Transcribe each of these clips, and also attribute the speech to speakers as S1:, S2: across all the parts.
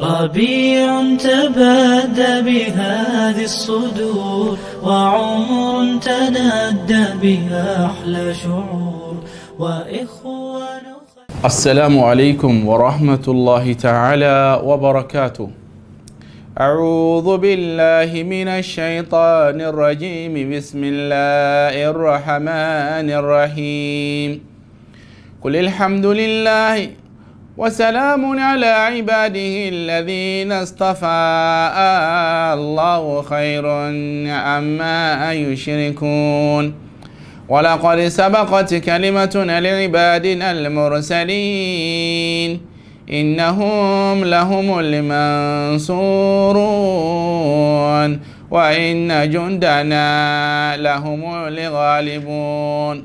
S1: ربيع تبادى بهذه الصدور وعمر تنادى بها أحلى شعور وإخوان السلام عليكم ورحمة الله تعالى وبركاته أعوذ بالله من الشيطان الرجيم بسم الله الرحمن الرحيم قل الحمد لله وسلام على عباده الذين اصطفى الله خير عما يشركون ولقد سبقت كلمتنا لعبادنا المرسلين إنهم لهم المنصورون وإن جندنا لهم الغالبون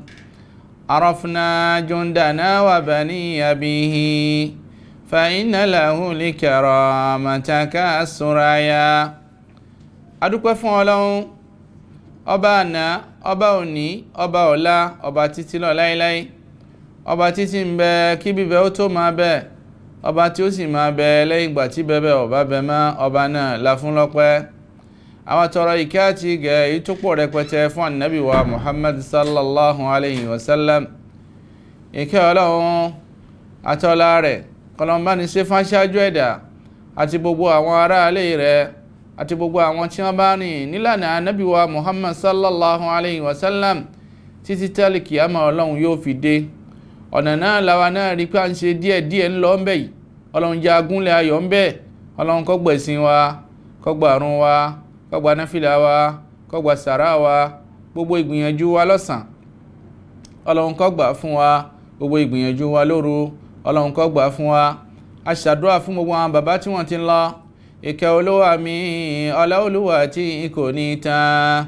S1: عرفنا جندنا وبني به فإن له لكرامتك السرايا adúpẹ́ fún ọlọ́run ọba àná ọba òní ọba ọ̀la ọba títí lọ ọba títí ń bẹ kí bíbẹ ọba tí ó bẹ ọba la àwọn tọrọ ìkẹ́ àti ìgẹ̀ ìtúpọ̀ rẹpẹtẹ fún ànábì wa muhammad sallallahu alayhi wa sallam ìkẹ́ ọlọ́run àtọ́lá rẹ̀ kọlọmbáni ṣe fún aṣáájú ẹ̀dá àti gbogbo àwọn aráalé rẹ̀ àti gbogbo àwọn tí wọ́n bá rìn nílànà ànábì wa muhammad sallallahu alayhi wa sallam títí tẹ́lẹ̀ kìámà ọlọ́run yóò fi dé ọ̀nà náà làwa náà rí pé à ń ṣe díẹ̀díẹ̀ ńlọ ńbẹ̀ yìí ọlọ́run jagunlẹ̀ ayọ̀ ńbẹ̀ ọlọ́run kó wa kó wa kọ́gbà náfìlà wa kọ́gbà sàrà wa gbogbo ìgbìyànjú wa lọ́sàn ọlọ́run kọ́gbà fún wa gbogbo ìgbìyànjú wa lóru ọlọ́run kọ́gbà fún wa a ṣàdúrà fún gbogbo àwọn bàbá tí wọ́n ti ń lọ ìkẹ́ olúwa mi ọlá olúwa tí kò ní tán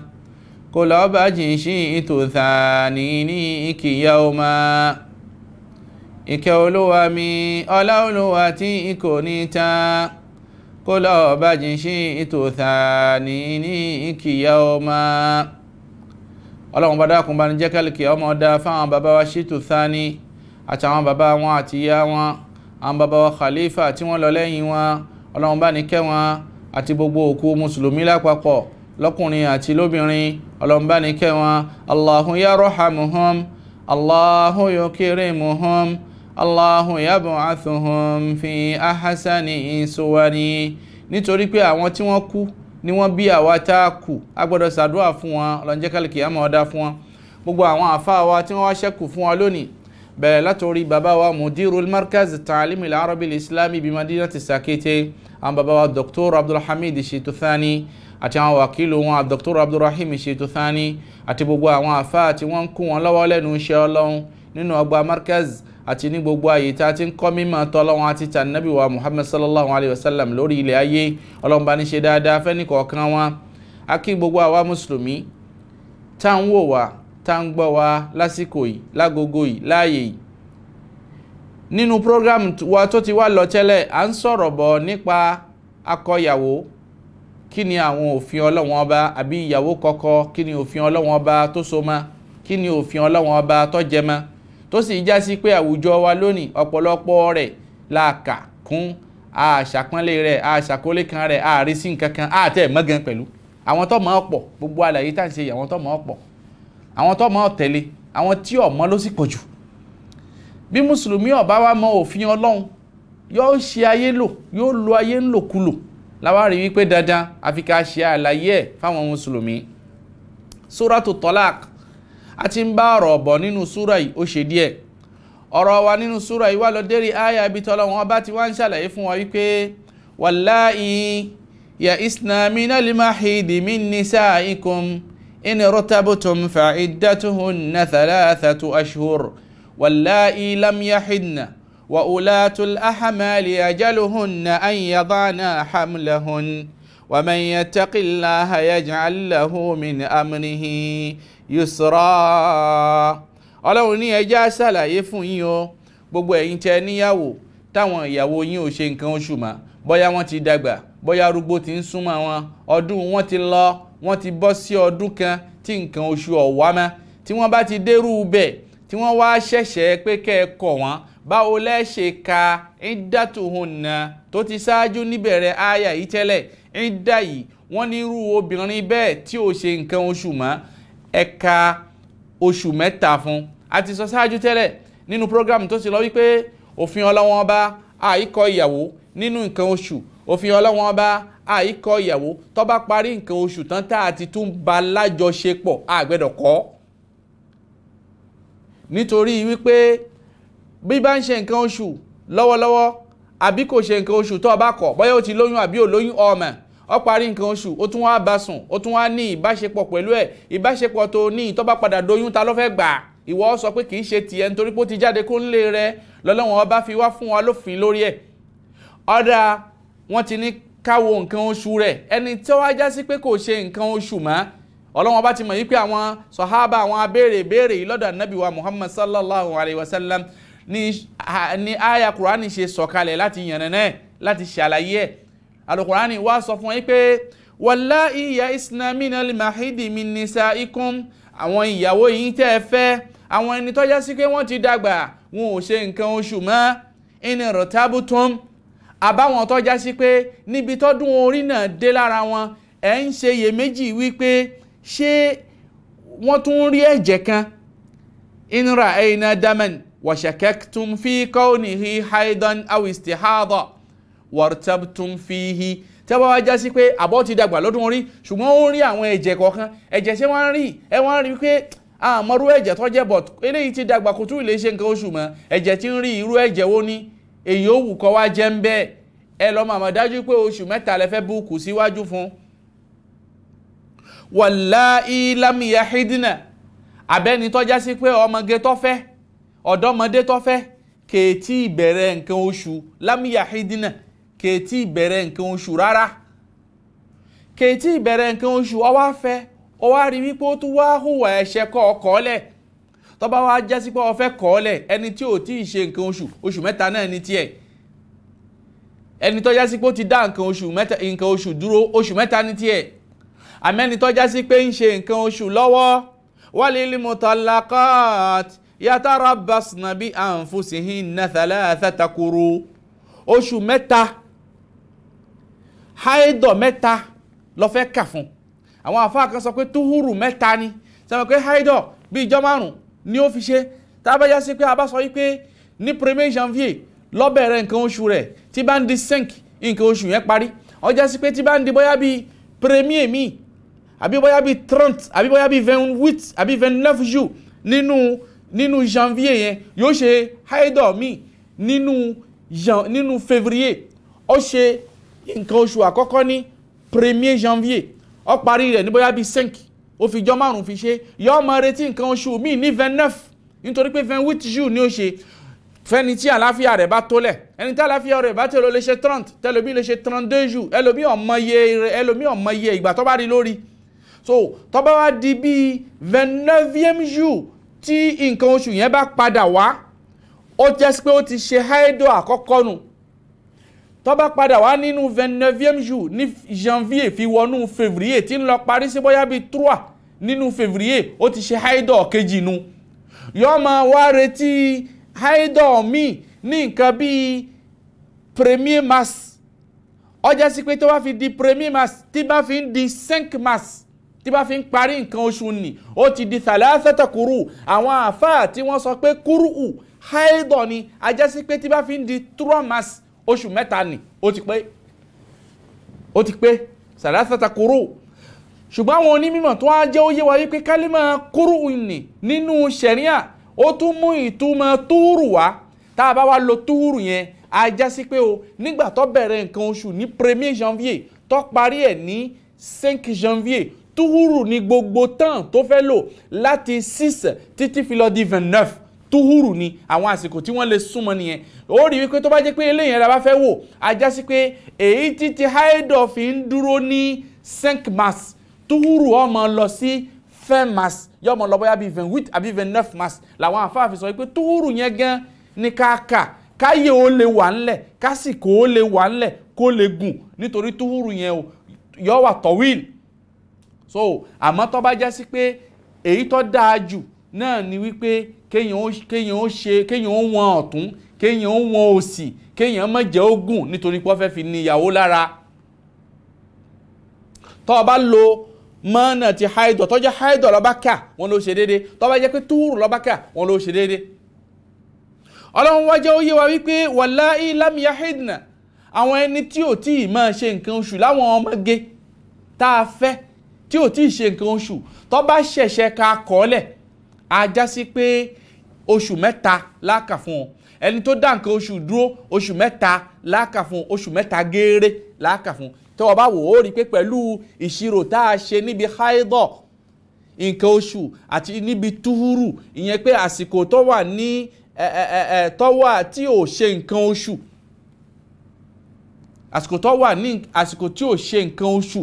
S1: kò lọ́ọ́ bá jìn sí ìtòsà ní ní ìkìyà ọmọ ìkẹ́ olúwa mi ọlá olúwa tí kò ní tán kólà ọba jìnṣí ìtòsà ní ní ìkìyà ọmọ ọlọ́run bá dákun bá ní jẹ́ kálíkì ọmọ dá fáwọn bàbá wa ṣètò sáni àtàwọn bàbá wọn àti ìyá wọn àwọn bàbá wa khalifa tí wọ́n lọ lẹ́yìn wọn ọlọ́run bá ní kẹ́ wọn àti gbogbo òkú mùsùlùmí lápapọ̀ lọ́kùnrin àti lóbìnrin ọlọ́run bá ní kẹ́ wọn Allahu yarhamuhum Allahu yukrimuhum. Allahu yab'athuhum fi ahsani suwari nítorí pé àwọn tí wọ́n kú ni wọ́n bí àwa tá a kù a gbọ́dọ̀ ṣàdúrà fún wọn ọlọ́njẹ́kálìkì àmọ́ ọ̀dá fún wọn gbogbo àwọn àfáà wa tí wọ́n wá ṣẹ́kù fún wa lónìí bẹ̀rẹ̀ látòrí bàbá wa mudirul markaz ta'alim al-arabi al-islami bi madinati sakete àwọn bàbá wa dr abdulhamid shituthani àti àwọn wàkìlù wọn dr abdulrahim shituthani àti gbogbo àwọn àfáà tí wọ́n ń kú wọn lọ́wọ́ lẹ́nu iṣẹ́ ọlọ́run nínú ọgbà markaz àti ní gbogbo ààyè tí a ti ń kọ́ mímọ̀ tọ́lọ́wọ́n àti tànàbí wa muhammed sallallahu alayhi wa sallam lórí ilẹ̀ ayé ọlọ́mọba ní ṣe dáadáa fẹ́ nìkọ̀ọ̀kan wa a kí gbogbo àwa mùsùlùmí tá ń wò wá tá ń gbọ́ wá lásìkò yìí lágogo yìí láàyè yìí nínú program wa tó ti wá lọ tẹ́lẹ̀ à ń sọ̀rọ̀ bọ̀ nípa akọyàwó kí ni àwọn òfin ọlọ́wọ́n ọba àbí ìyàwó kọ́kọ́ kí ni òfin ọlọ́wọ́n ọba tó so mọ́ kí ni òfin ọlọ́wọ́n ọba tó mọ́ tó sì já sí pé àwùjọ wa lónìí ọ̀pọ̀lọpọ̀ rẹ̀ la kà kún àṣàpọ́nlé rẹ̀ àṣàkólé kan rẹ̀ àrísí nǹkan kan àtẹ̀ mọ́gàn pẹ̀lú àwọn tó mọ̀ ọ́ pọ̀ gbogbo àlàyé tá à ń ṣe àwọn tó mọ̀ ọ́ pọ̀ àwọn tó mọ̀ ọ́ tẹ̀lé àwọn tí ò mọ̀ ló sì pọ̀ jù bí mùsùlùmí ò bá wá mọ òfin ọlọ́run yóò ṣe ayé lò yóò lo ayé ńlòkulò láwárí wípé dandan àfi ká ṣe àlàyé ẹ̀ fáwọn mùsùlùmí suratu talaq a ti ń bá ọ̀rọ̀ ọ̀bọ̀ nínú súrà yìí ó ṣe díẹ̀ ọ̀rọ̀ wa nínú súrà yìí wà lọ dérí àyà ibi tọ́lọ́ wọn bá ti wá ń ṣàlàyé fún wa wípé wàláì yà isna minal mahidi min nisaikum in rotabutum fa iddatuhunna thalathatu ashhur wàláì lam yahidna wa ulatul ahmali ajaluhunna an yadana hamlahun. ومن يتق الله يجعل له من أمره يسرا ọlọ́run ní ẹjẹ́ àṣàlàyé fún yín o gbogbo ẹ̀yin tẹ́ níyàwó táwọn ìyàwó yín ò ṣe nǹkan oṣù mọ́ bóyá wọ́n ti dàgbà bóyá arúgbó ti ń súnmọ́ wọn ọdún wọn ti lọ wọ́n ti bọ́ sí ọdún kan tí nǹkan oṣù ọ̀wá mọ́ tí wọ́n bá ti dérú bẹ̀ tí wọ́n wá ṣẹ̀ṣẹ̀ pé kẹ́ ẹ báwo lẹ́ ṣe ka ìdátòhùn náà tó ti ṣáájú níbẹ̀rẹ̀ àyà yìí tẹ́lẹ̀ ìdá yìí wọ́n ní irú obìnrin bẹ́ẹ̀ tí ò ṣe nǹkan oṣù mọ́ ẹ̀ka oṣù mẹ́ta fún a ti sọ ṣáájú tẹ́lẹ̀ nínú program tó ti lọ wípé òfin ọlọ́wọ́n bá àìkọ ìyàwó nínú nǹkan oṣù òfin ọlọ́wọ́n bá àìkọ ìyàwó tó bá parí nǹkan oṣù tán tá a ti tún ba lájọṣepọ̀ a gbẹ́dọ̀ kọ̀ nítorí wípé bí bá ń ṣe nǹkan oṣù lọ́wọ́lọ́wọ́ àbí kò ṣe nǹkan oṣù tó o bá kọ̀ bóyá o ti lóyún àbí o lóyún ọmọ ó parí nǹkan oṣù ó tún wá bá sùn ó tún wá ní ìbáṣepọ̀ pẹ̀lú ẹ̀ ìbáṣepọ̀ tó ní tó bá padà doyún ta ló fẹ́ gbà ìwọ sọ pé kì í ṣe tiẹ̀ nítorí pé ó ti jáde kó ń lé rẹ lọ́lọ́wọ́n ọba fi wá fún wa lófin lórí ẹ̀ ọ̀dà wọn ti ní káwo nǹkan oṣù rẹ̀ ẹni tó wá já sí pé kò ṣe nǹkan oṣù mọ́ ọlọ́wọ́n bá ti mọ̀ yìí pé àwọn sọ̀hábà àwọn abéèrè ìbéèrè yìí lọ́dọ̀ ànábì wa Muhammad sallallahu alayhi wa sallam ní àyà Kùránì ṣe sọ̀kalẹ̀ láti yànnẹ́nẹ́ láti ṣàlàyé ẹ̀ alukurani wá sọ fún yín pé wallahi ya isnamina limahidi min nisaikum àwọn ìyàwó yìí tẹ́ ẹ fẹ́ àwọn ẹni tó yá sí pé wọ́n ti dàgbà wọn ò ṣe nǹkan oṣù mọ́ in irtabutum àbáwọn tó já sí pé níbi tọ́dún orí náà dé lára wọn ẹ̀ ń ṣe iyèméjì wípé ṣé wọ́n tún rí ẹ̀jẹ̀ kan in ra'ayna daman wa shakaktum fi kawnihi haidan aw wartabtum fihi tẹ́ bá wá já sí pé àbọ̀ ti dàgbà lọ́dún orí ṣùgbọ́n ó ń rí àwọn ẹ̀jẹ̀ kọ̀ọ̀kan ẹ̀jẹ̀ ṣé wọ́n rí ẹ wọ́n rí pé àmọ́rú ẹ̀jẹ̀ tó jẹ́ bọ̀ eléyìí ti dàgbà kò tún lè ṣe nǹkan oṣù mọ́ ẹ̀jẹ̀ ti ń rí irú ẹ̀jẹ̀ wo ni èyí ó wù kọ́ wá jẹ́ ń bẹ́ẹ̀ ẹ lọ́ màmá dájú pé oṣù mẹ́ta lẹ fẹ́ búùkù síwájú fún. wàláì lámìyá hídínà abẹ́ni tó sí pé ọmọge tó ọ̀dọ́mọdé tó kèétí ìbẹ̀rẹ̀ nǹkan oṣù lámìyá hídínà kèétí ìbẹ̀rẹ̀ nǹkan oṣù rárá kèétí ìbẹ̀rẹ̀ nǹkan oṣù ó wá fẹ́ ó wá rí wípé ó tún wá hùwà ẹ̀ṣẹ̀ kọ́ ọkọ̀ ọ̀lẹ̀ tó bá wá já sí pé ó fẹ́ kọ́ ọ̀lẹ̀ ẹni tí ò tí ì ṣe nǹkan oṣù oṣù mẹ́ta náà ní tiẹ̀ ẹni tó sí pé ó ti dá nǹkan oṣù mẹ́ta nǹkan oṣù dúró oṣù mẹ́ta ní tiẹ̀ àmọ́ ẹni tó sí pé ń ṣe nǹkan oṣù lọ́wọ́ walil mutallaqat yatarabbasna bi anfusihinna thalathata quru oṣù mẹ́ta haidọ̀ mẹ́ta lọ fẹ́ kà fún àwọn àfáà kan sọ pé túhùrù mẹ́ta ni sọ pé haidọ̀ bí ìjọ márùn ni ó fi ṣe tábàjá sí pé a bá sọ wípé ní premier janvier ló bẹ̀rẹ̀ nǹkan oṣù rẹ̀ tí bá ń di sink nǹkan oṣù yẹn parí ó já sí pé tí bá ń di bóyá bíi premier mi àbí bóyá bíi trente àbí bóyá bíi vingt huit àbí vingt neuf jours nínú nínú janvier yẹn yóò ṣe haidọ̀ mi nínú nínú février ó ṣe nǹkan oṣù àkọ́kọ́ ní premier janvier ó parí rẹ̀ ní bóyá bíi cinq ó fi jọ́ márùn fi ṣe yóò máa retí nǹkan oṣù míì ní vingt neuf nítorí pé vingt huit jù ní ó ṣe fẹ́ni tí àláfíà rẹ̀ bá tólẹ̀ ẹni tí àláfíà rẹ̀ bá tẹ̀lé lè ṣe trente tẹlómi lè ṣe trente deux jù ẹlòmí ọ̀mọye ẹlòmí ọ̀mọye ìgbà tó bá rí lórí so tó bá wá di bíi vingt neuvième jù tí nǹkan oṣù yẹn bá padà wá ó jẹ́ pé ó ti ṣe háídò àkọ́kọ́ nù tó bá padà wá nínú vingt neuvième jour ní janvier fi wọnú février tí ń lọ parí sí bóyá bíi trois nínú février ó ti ṣe haidọ̀ kejì nu yóò máa wá retí haidọ̀ míì ní nǹkan bíi premier mars ọjà sí pé tó bá fi di premier mars tí bá fi ń di cinq mars tí bá fi ń parí nǹkan oṣù nì ó ti di thalathata kúrú àwọn àfáà tí wọ́n sọ pé kúrú haidọ̀ ni ajá sí pé tí bá fi ń di trois mars oṣù mẹ́ta ni ó ti pé ó ti pé sàlásàtà kúrú ṣùgbọ́n àwọn onímọ̀ tó wá jẹ́ óyé wa wípé kálímà kúrú ni nínú ṣẹ̀ríà ó tún mú ìtumọ̀ túrù wá tá a bá wá lo túrù yẹn a já sí pé o nígbà tó bẹ̀rẹ̀ nǹkan oṣù ní premier janvier tó parí ẹ̀ ní cinq janvier túrù ni gbogbo tán tó fẹ́ lò láti six títí fi lọ di vingt neuf túhùrù ni àwọn àsìkò tí wọ́n lè súnmọ́ nìyẹn ó rí wípé tó bá jẹ́ pé eléyìí la bá fẹ́ wò á já sí pé èyí tí ti fi ń dúró ní cinq mars túhùrù ọmọ lọ sí fem mars yọmọ lọ bóyá bíi vingt huit àbí vingt neuf mars làwọn àfáàfin sọ wípé túhùrù yẹn gan ni káàkà káyè ó lè wà ńlẹ̀ kásìkò ó lè wà ńlẹ̀ kó lè gùn nítorí túhùrù yẹn o yọ wà tọ̀wíìl so àmọ́ tó bá jẹ́ sí pé èyí tó dáa jù náà ni wípé kéèyàn ó kéèyàn ó ṣe kéèyàn ó wọn ọ̀tún kéèyàn ó wọn òsì kéèyàn má jẹ́ ogún nítorí pé wọ́n fẹ́ fi ní ìyàwó lára tó o bá lo mọ́nà ti haidọ̀ tó jẹ́ haidọ̀ lọ́ba kà wọ́n ló ṣe déédéé tó bá jẹ́ pé túrù lọ́ba kà wọ́n ló ṣe déédéé ọlọ́run wá jẹ́ ó yé wa wípé wàláì lámìyá haidna àwọn ẹni tí ò tí ì máa ṣe nǹkan oṣù láwọn ọmọge tá a fẹ́ tí ò tí ì ṣe nǹkan oṣù tó bá ṣẹ̀ṣẹ̀ ka kọ́lẹ̀ ajá sí pé oṣù mẹ́ta láàkà fún ọ ẹni tó dá nǹkan oṣù dúró oṣù mẹ́ta láàkà fún oṣù mẹ́ta gééré láàkà fún tó o bá wò ó rí i pé pẹ̀lú ìṣirò tá a ṣe níbi haidọ̀ nǹkan oṣù àti níbi túhúrù ìyẹn pé àsìkò tó wà ní ẹ ẹ ẹ tó wà ò ṣe nǹkan oṣù àsìkò tó wà ní àsìkò tí ò ṣe nǹkan oṣù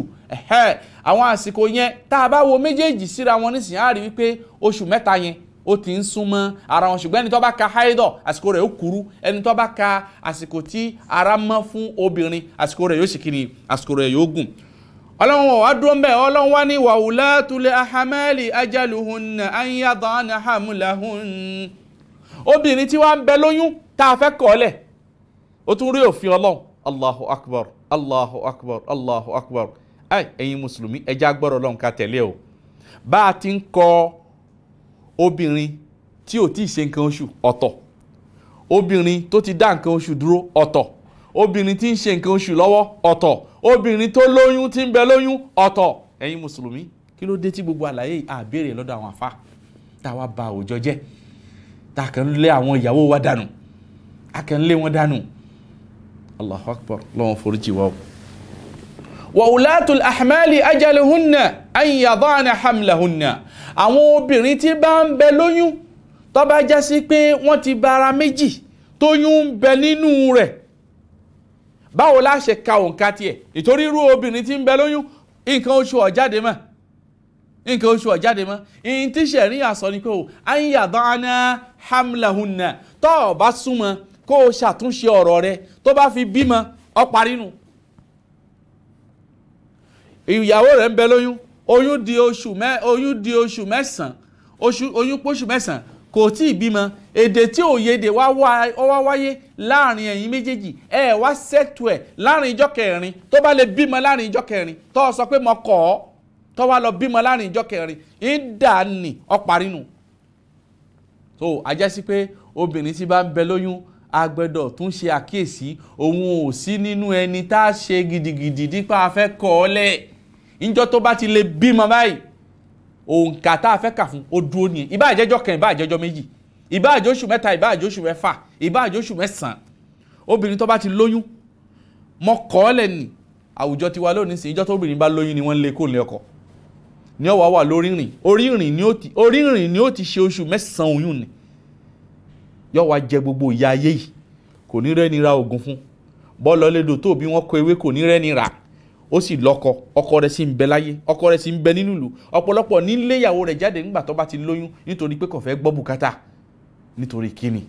S1: àwọn àsìkò yẹn tá a bá wo méjèèjì síra wọn nísìnyí á rí wípé oṣù mẹ́ta yẹn ó ti ń súnmọ́ ara wọn ṣùgbọ́n ẹni tó bá ka haidọ̀ àsìkò rẹ̀ ó kúrú ẹni tó bá ka àsìkò tí ara mọ́ fún obìnrin àsìkò rẹ̀ yóò ṣe kiri àsìkò rẹ̀ yóò gùn. ọlọ́run wà dúró ń bẹ̀ ọlọ́run wá ní wàhùlá tulẹ̀ ahamẹ́lì ajaluhunna anyadana ai ẹ̀yin mùsùlùmí ẹja gbọ́rọ̀ ọlọ́run ká tẹ̀lé o bá a ti ń kọ obìnrin tí ò tí ì ṣe nǹkan oṣù ọ̀tọ̀ obìnrin tó ti dá nǹkan oṣù dúró ọ̀tọ̀ obìnrin tí ń ṣe nǹkan oṣù lọ́wọ́ ọ̀tọ̀ obìnrin tó lóyún tí ń bẹ lóyún ọ̀tọ̀ ẹ̀yin mùsùlùmí kí ló dé tí gbogbo àlàyé àbèrè lọ́dọ̀ àwọn àfa tá a wá ba àwùjọ jẹ́ tá a kàn ń lé àwọn ìyàwó wa dànù a kàn ń lé wọn dànù Allahu Akbar lọ́wọ́n foríjì wa o wa ulatul ahmali ajaluhunna an yadana hamlahunna àwọn obìnrin tí bá ń bẹ lóyún tó bá já sí pé wọ́n ti bara méjì tóyún ń bẹ nínú rẹ̀ báwo la ṣe ka òǹkà tiẹ̀ nítorí irú obìnrin tí ń bẹ lóyún nǹkan oṣù ó mọ́ nǹkan oṣù ó mọ́ ìyìn tí sẹ̀rí àsọ ni pé o àyìn àdáná hamlahunna tó o bá súnmọ́ kó o ṣàtúnṣe ọ̀rọ̀ rẹ tó bá fi bímọ ó ìyàwó rẹ̀ ń bẹ lóyún oyún di oṣù mẹ́ oyún di oṣù mẹ́sàn-án oṣù oyún póṣù mẹ́sàn-án kò tí ì bímọ èdè tí òyedè wá wá wáyé láàrin ẹ̀yin méjèèjì ẹ wá sẹ́tù ẹ̀ láàrin ìjọ kẹrin tó bá lè bímọ láàrin ìjọ kẹrin tó o sọ pé mo kọ̀ ọ́ tó wá lọ bímọ láàrin ìjọ kẹrin ìdàní ọ̀parinu. tó ajásí pé obìnrin tí bá ń bẹ lóyún agbẹ́dọ̀ tún ṣe àkíyèsí òun ò sí nínú ẹni tá a ṣe gidigidi nípa afẹ́kọ̀ọ́lẹ̀ ìjọ tó bá ti lè bímọ báyìí òǹkà tá a fẹ́ kà fún ó dúró nìyẹn ìbá àjẹjọ kan ìbá àjẹjọ méjì ìbá àjọṣù mẹ́ta ìbá àjọṣù mẹ́fà ìbá àjọṣù mẹ́sàn-án obìnrin tó bá ti lóyún mọ́kọ́ọ́lẹ̀ ni àwùjọ tiwa lónìí sí ìjọ tó obìnrin bá lóyún ni wọ́n ń lé kó lé ọkọ ní ọ̀wá wà lórí rìn orí rìn ni ó ti ṣe oṣù mẹ́sàn-án oyún ni yóò wá jẹ gbogbo ìyá ayé yìí kò ní rẹ́ni ra oògùn fún bọ́ọ̀lù ọlẹ́dọ̀ tó bí kọ ewé kò ní rẹ́ni rà á ó sì lọ́kọ ọkọ rẹ̀ sì ń bẹ láyé ọkọ rẹ̀ sì ń bẹ nínú ìlú ọ̀pọ̀lọpọ̀ nílé ìyàwó rẹ̀ jáde nígbà tó bá ti lóyún nítorí pé kò fẹ́ gbọ́ bùkátà nítorí kíni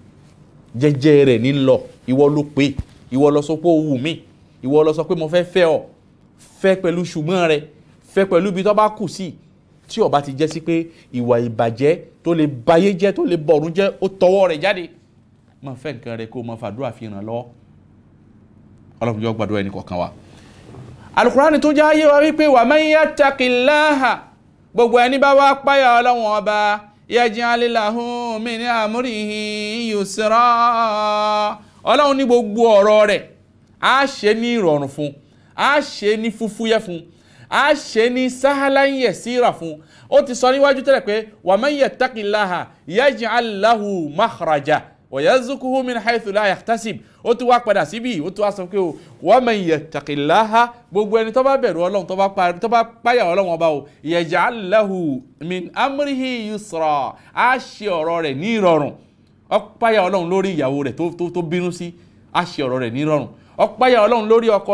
S1: jẹ́jẹ́ rẹ̀ ní lọ ìwọ ló pé ìwọ lọ sọ pé ó wù mí ìwọ lọ sọ pé mo fẹ́ fẹ́ ọ fẹ́ pẹ̀lú ṣùgbọ́n rẹ fẹ́ pẹ̀lú ibi tó bá kù sí tí ó ti jẹ́ sí pé ìwà ìbàjẹ́ tó lè bayé jẹ́ tó lè bọ̀rún jẹ́ ó tọwọ́ rẹ̀ jáde máa fẹ́ nǹkan rẹ kó o máa fàdúrà fi ràn lọ́wọ́ ọlọ́run yóò gbàdúrà ẹnì kọ̀ọ̀kan wa alukurani tún já yé wa wípé wa man yattaqillaha gbogbo ẹni bá wá páyà ọlọ́wọ́n ọba yaj'al lahu min amrihi yusra ọlọ́run ní gbogbo ọ̀rọ̀ rẹ̀ á ṣe ní ìrọ̀rùn fún á ṣe ní fúfúyẹ́ fún á ṣe ní sahalan yasira fún ó ti sọ níwájú tẹ́lẹ̀ pé wa man yattaqillaha yaj'al lahu makhraja ويرزقه من حيث لا يحتسب ó tún wá padà síbí ó tún wá sọ pé o wa man yattaqillaha gbogbo ẹni tó bá bẹ̀rù ọlọ́run tó bá páyà ọlọ́run ọba o yaj'al lahu min amrihi yusra á ṣe ọ̀rọ̀ rẹ̀ ní ìrọ̀rùn ó páyà ọlọ́run lórí ìyàwó rẹ̀ tó bínú sí á ṣe ọ̀rọ̀ rẹ̀ ní ìrọ̀rùn ó ọlọ́run lórí ọkọ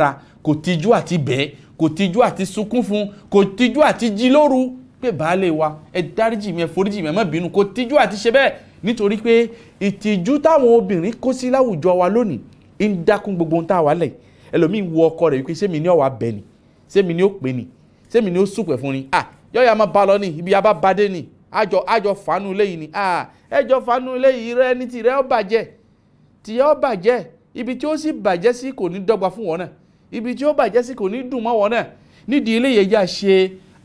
S1: rẹ̀ kò tijú àti bẹ́ẹ̀ kò tijú àti sunkún fún kò tijú àti jí lóru pé baálé wa ẹ dáríjì mi ẹ foríjì mi ẹ má bínú kò tijú àti ṣe bẹ́ẹ̀ nítorí pé ìtìjú táwọn obìnrin kó sí láwùjọ wa lónìí ń dákún gbogbo ohun tá a wà lẹ̀ ẹlòmíì wo ọkọ rẹ̀ wípé sẹ́mi ni ọ̀wà bẹ̀ ni sẹ́mi ni ó pè ni sẹ́mi ni ó sùpẹ̀ fún ni ah yọ̀ọ́yà máa ba lọ ni ibi abá badé ni àjọ àjọ fanu léyìí ni ah ẹjọ fanu léyìí rẹ ní tirẹ̀ ó bàjẹ́ tìyẹ́ ó bàjẹ́ ibi tí ó sì bàjẹ́ sí kò ní dọ́gba fún wọn náà ibi tí ó bàjẹ́ sí kò ní dùn mọ́ wọn náà nídìí eléyìí ẹja ṣe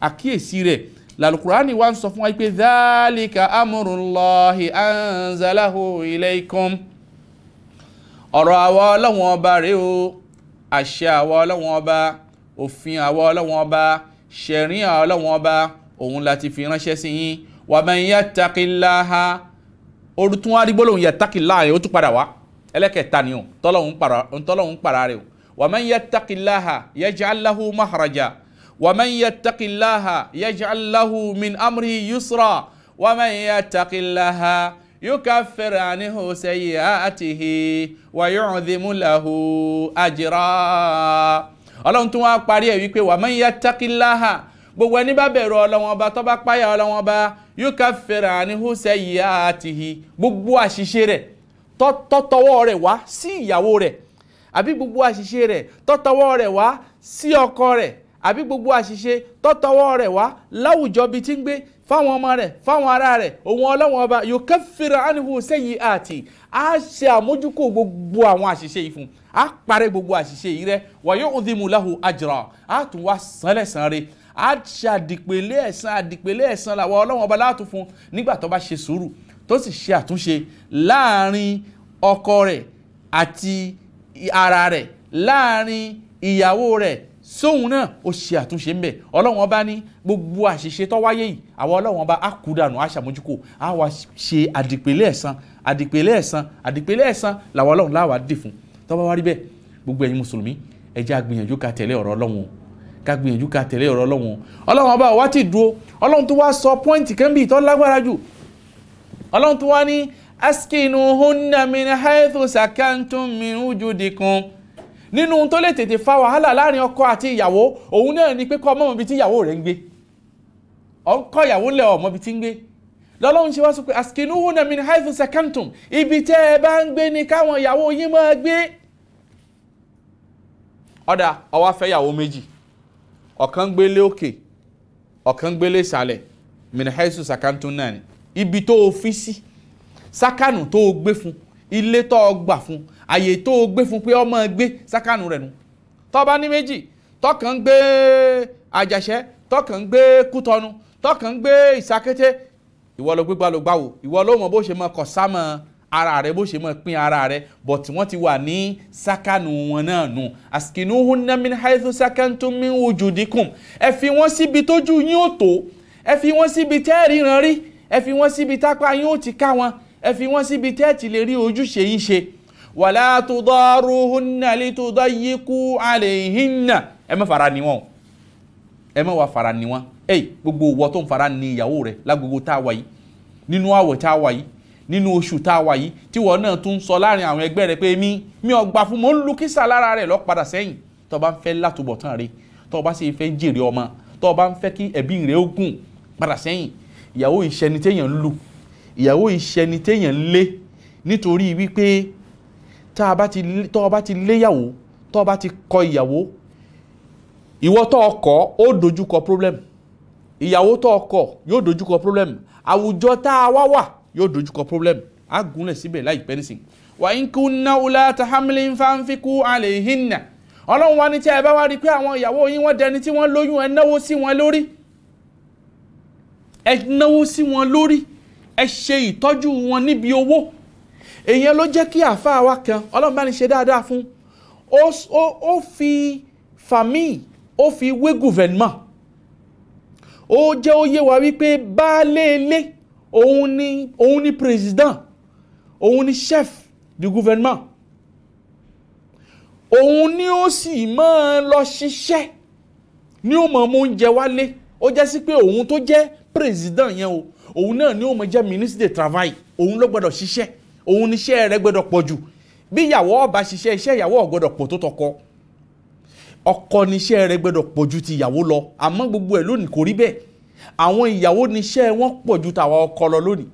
S1: àkíyèsí rẹ̀ làlùkùránì wa ń sọ fún wa pé dhalika amrullahi anzalahu ilaykum ọ̀rọ̀ àwa ọlọ́wọ́n ọba rèé o àṣẹ àwa ọlọ́wọ́n ọba òfin àwa ọlọ́wọ́n ọba ṣẹ̀rín àwa ọlọ́wọ́n ọba òun la ti fi ránṣẹ́ sí yín wa man yattaqillaha orútún arígbólóhùn yattaqillaha yẹn ó tún padà wá ẹlẹ́kẹ̀ẹ́ta ni o tọ́lọ́hún para rẹ̀ o ومن يتق الله يجعل له مخرجا ومن يتق الله يجعل له من أمره يسرا ومن يتق الله يكفر عنه سيئاته ويعظم له أجرا ọlọ́run tún wá parí ẹ̀ wípé wa man yattaqillaha gbogbo ẹni bá bẹ̀rù ọlọ́wọ́n ọba tó bá páyà ọlọ́wọ́n ọba yukaffiru anhu sayyi'atihi gbogbo àṣìṣe rẹ̀ tọ́tọ́wọ́ rẹ̀ wá sí ìyàwó rẹ̀ àbí gbogbo àṣìṣe rẹ̀ tọ́tọwọ́ rẹ̀ wá sí ọkọ rẹ̀ àbí gbogbo àṣìṣe tọ́tọwọ́ rẹ̀ wá láwùjọ bíi tí ń gbé fáwọn ọmọ rẹ̀ fáwọn ará rẹ̀ òun ọlọ́wọ́n ọba yukaffiru anhu sayyi'ati á ṣe àmójúkò gbogbo àwọn àṣìṣe yìí fún á parẹ́ gbogbo àṣìṣe yìí rẹ̀ wa yu'dhimu lahu ajra á tún wá sánlẹ̀sán rẹ̀ á ṣe àdìpèlé ẹ̀san àdìpèlé ẹ̀san làwọn ọlọ́wọ́n ọba látún fún nígbà tó bá ṣe sùúrù tó sì ṣe àtúnṣe láàrin ọkọ rẹ̀ àti ara rẹ̀ láàrin ìyàwó rẹ̀ sóhun náà ó ṣe àtúnṣe ńbẹ ọlọ́run ọba ní gbogbo àṣìṣe tó wáyé yìí àwọn ọlọ́run ọba á kú dànù á ṣàmójúkò á wá ṣe àdìpẹ́lẹ́ ẹ̀san àdìpẹ́lẹ́ ẹ̀san àdìpẹ́lẹ́ ẹ̀san làwọn ọlọ́run láwà dì fún tó bá wá rí bẹ́ẹ̀ gbogbo ẹ̀yin mùsùlùmí ẹ jẹ́ àgbìyànjú ká tẹ̀lé ọ̀rọ̀ ọlọ́run ká gbìyànjú ká tẹ̀lé ọ̀rọ̀ ọlọ́run askinuhunna min haythu sakantum min wujudikum nínú tó le tètè fa wàhálà láàrin ọkọ àti ìyàwó òun náà ni pé kọ́ ọmọ ibi tí ìyàwó rẹ̀ ń gbé ọkọ ìyàwó lẹ̀ ọmọ ibi tí ń gbé lọ́lọ́run ṣe wá sọ pé askinuhunna min haythu sakantum ibi tẹ́ ẹ bá ń gbé ni káwọn ìyàwó yín máa gbé ọ̀dà ó wá fẹ́ ìyàwó méjì ọ̀kan gbélé òkè ọ̀kan gbélé ìsàlẹ̀ min haythu náà ni ibi tó o fi sí. Si sákànù tó o gbé fún ilé tó o gbà fún àyè tó o gbé fún pé ọmọ gbé sákànù rẹ̀ nu tọ́ba ní méjì tọkàn ń gbé àjàṣẹ́ tọkàn ń gbé kútọ́nu tọkàn ń gbé ìsakété ìwọ ló gbégbá ló gbá wò ìwọ ló mọ bó ṣe mọ kọ sámọ ara rẹ bó ṣe mọ pín ara rẹ bọ̀ tí wọ́n ti wà ní sákànù wọn náà nù askinuhunna min haythu sakantum min wujudikum ẹ fi wọ́n síbi tójú yín ó tó ẹ fi wọ́n síbi tẹ́ẹ̀ríran rí ẹ fi wọ́n síbi tápá yín ó ti ká wọn ẹ fi wọ́n síbi tẹ́ẹ̀tì lè rí ojúṣe yín ṣe wàlá tó dọ́rù húnnà lè tó dọ́ yí kú alẹ́ hínà ẹ má fara ni wọn ẹ má wá fara ni wọn ẹ gbogbo ìwọ tó ń fara ni ìyàwó rẹ lágbogbo tá a wà yìí nínú àwọ̀ tá a wà yìí nínú oṣù tá a wà yìí tí wọn náà tún sọ láàrin àwọn ẹgbẹ́ rẹ pé mi mi ò gbà fún mọ́ ń lu kísà lára rẹ̀ lọ sẹ́yìn tó bá ń fẹ́ látúbọ̀tán rẹ tó bá sì fẹ́ jèrè ọmọ tó bá ń fẹ́ kí ẹ̀bí rẹ̀ ó gùn padà sẹ́yìn ìyàwó ìṣẹ́ni téèyàn ń lù ìyàwó ìṣẹni téèyàn lé nítorí wípé tá a bá ti tọ́ ọ bá ti léyàwó tọ́ ọ bá ti kọ ìyàwó ìwọ tọ́ ọkọ ó dojúkọ problem ìyàwó tọ́ ọkọ yóò dojúkọ problem àwùjọ tá a wá wà yóò dojúkọ problem á gúnlẹ̀ síbẹ̀ láìpẹ́ nísìnyí wà ń kú ná ulá ta hamlin fanfikú àlèhínà ọlọ́run wa ní tí ẹ bá wá rí pé àwọn ìyàwó yín wọ́n dẹni tí wọ́n lóyún ẹ náwó sí wọn lórí ẹ náwó sí wọn lórí ẹ ṣe ìtọ́jú wọn níbi owó èèyàn ló jẹ́ kí àáfàá wa kan ọlọ́run bá ní ṣe dáadáa fún ó fi famille ó fi wé gouvernement ó jẹ́ ó yé wa wípé baálé ilé òun ni òun ni president òun ni chef du gouvernement òun ni ó sì máa lọ ṣiṣẹ́ ní ó mọ̀ mọ́ oúnjẹ wálé ó jẹ́ sí pé òun tó jẹ́ president yẹn o òun náà ni ó mọ jẹ́ ministre de travail òun ló gbọ́dọ̀ ṣiṣẹ́ òun níṣẹ́ rẹ̀ gbọ́dọ̀ pọ̀ jù bí ìyàwó ọba ṣiṣẹ́ iṣẹ́ ìyàwó ọ̀gbọ́dọ̀ pọ̀ tó tọkọ ọkọ níṣẹ́ rẹ̀ gbọ́dọ̀ pọ̀ ju ti ìyàwó lọ àmọ́ gbogbo ẹ̀ lónìí kò rí bẹ́ẹ̀ àwọn ìyàwó níṣẹ́ wọn pọ̀ ju tàwa ọkọ lọ lónìí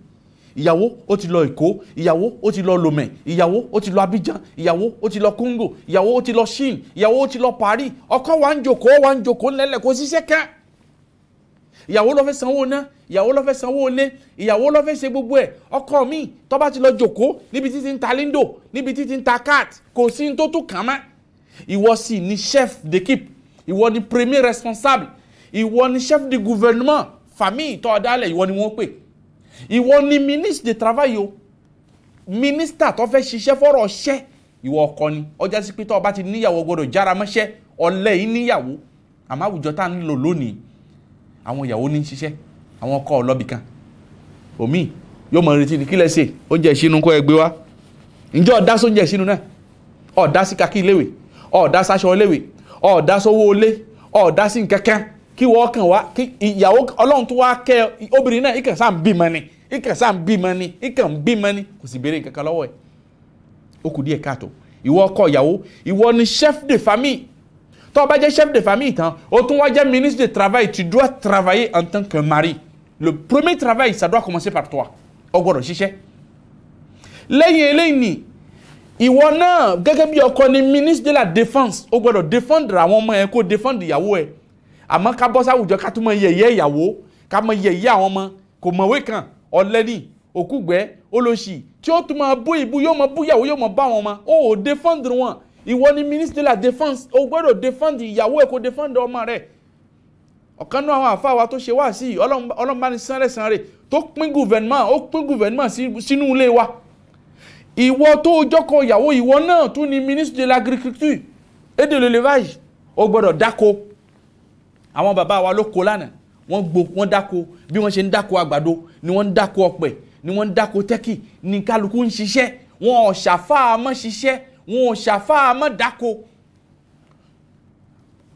S1: ìyàwó ó ti lọ èkó ìyàwó ó ti lọ lomẹ ìyàwó ó ti lọ abidjan ìyàwó ó ti lọ congo ìyàwó ó ti lọ shin ìyàwó ó ti lọ paris ọkọ wa ń jòkó wa ń jòkó ńlẹ́lẹ̀ kó ṣiṣẹ́ kẹ́ ìyàwó ló fẹ́ sanwó ná ìyàwó ló fẹ́ sanwó ilé ìyàwó ló fẹ́ ṣe gbogbo ẹ̀ ọkọ mi tó bá ti lọ jòkó níbi títí ń ta lindo níbi títí ń ta cat kò sí ní tó tún kàn má ìwọ sì ni chef de keep ìwọ ni premier responsable ìwọ ni chef de gouvernement famille tó dálẹ̀ ìwọ ni wọ́n pè ìwọ ni ministre de travail o minister tó fẹ́ ṣiṣẹ́ fọ́rọ̀ ṣẹ́ ìwọ ọkọ ni ọjà sí pé tó o bá ti níyàwó gbọdọ̀ jára mọ́ṣẹ́ ọ̀lẹ́ yìí níyàwó àmọ́ àwùjọ tá à ń lò lónìí àwọn ìyàwó ní ṣiṣẹ́ àwọn ọkọ ọlọ́bì kan omi yóò mọ retí ni kí lẹ ṣe oúnjẹ ìṣínú kọ́ ẹ gbé wá ǹjẹ́ ọ̀dá sóúnjẹ ìṣínú náà ọ̀dá sí kakí iléèwé ọ̀dá sáṣọ iléèwé ọ̀dá sówó ilé ọ̀dá sí nkankan kí wọ́n kàn wá kí ìyàwó ọlọ́run tó wá kẹ́ obìnrin náà ìkàn sáà ń bímọ ni ìkàn sáà ń bímọ ni ìkàn ń bímọ ni kò sì béèrè nkankan lọ́wọ́ ẹ̀ ó kù díẹ̀ káàtó ìwọ ọkọ ìyàwó ìwọ ni chef de famille tó o bá jẹ́ chef de famille tán o tún wá ministre de travail tu dois travailler en tant que mari le premier travail ça doit commencer par toi o chiche. ṣiṣẹ́ lẹ́yìn eléyìí ìwọ náà gẹ́gẹ́ bí ni ministre de la défense o défendre àwọn ọmọ yẹn kó défendre ìyàwó ẹ̀ àmọ́ ká bọ́ sáwùjọ ká tún mọ yẹ̀yẹ́ ìyàwó ká mọ yẹ̀yẹ́ àwọn ọmọ kò mọ̀wé kan ọ̀lẹ́ni òkúgbẹ́ olóṣì tí ó tún máa bú ìbú yóò máa bú ìyàwó yóò máa bá àwọn ọmọ ó ò défendre wọn ìwọ ni minister la défense o gbọ́dọ̀ defend ìyàwó ẹ̀ kò défend ọmọ rẹ̀ ọ̀kan náà àwọn àfa wa tó ṣe wá sí ọlọ́run bá ní sanre sanre tó pín gouvernement ó pín gouvernement sínú ilé wa ìwọ tó jọkọ ìyàwó ìwọ náà tún ni ministre de l'agriculture et de l'élevage ó gbọ́dọ̀ d'ako àwọn bàbá wa ló kó lánàá wọ́n gbó wọ́n dáko bí wọ́n ṣe ń dáko àgbàdo ni wọ́n ń dáko ọ̀pẹ̀ ni wọ́n ń dáko tẹ́kì ni kálukú ń ṣiṣẹ́ wọn ò ṣàfáàmọ́ ṣiṣẹ́ wọn ò ṣàfáàmọ́ dáko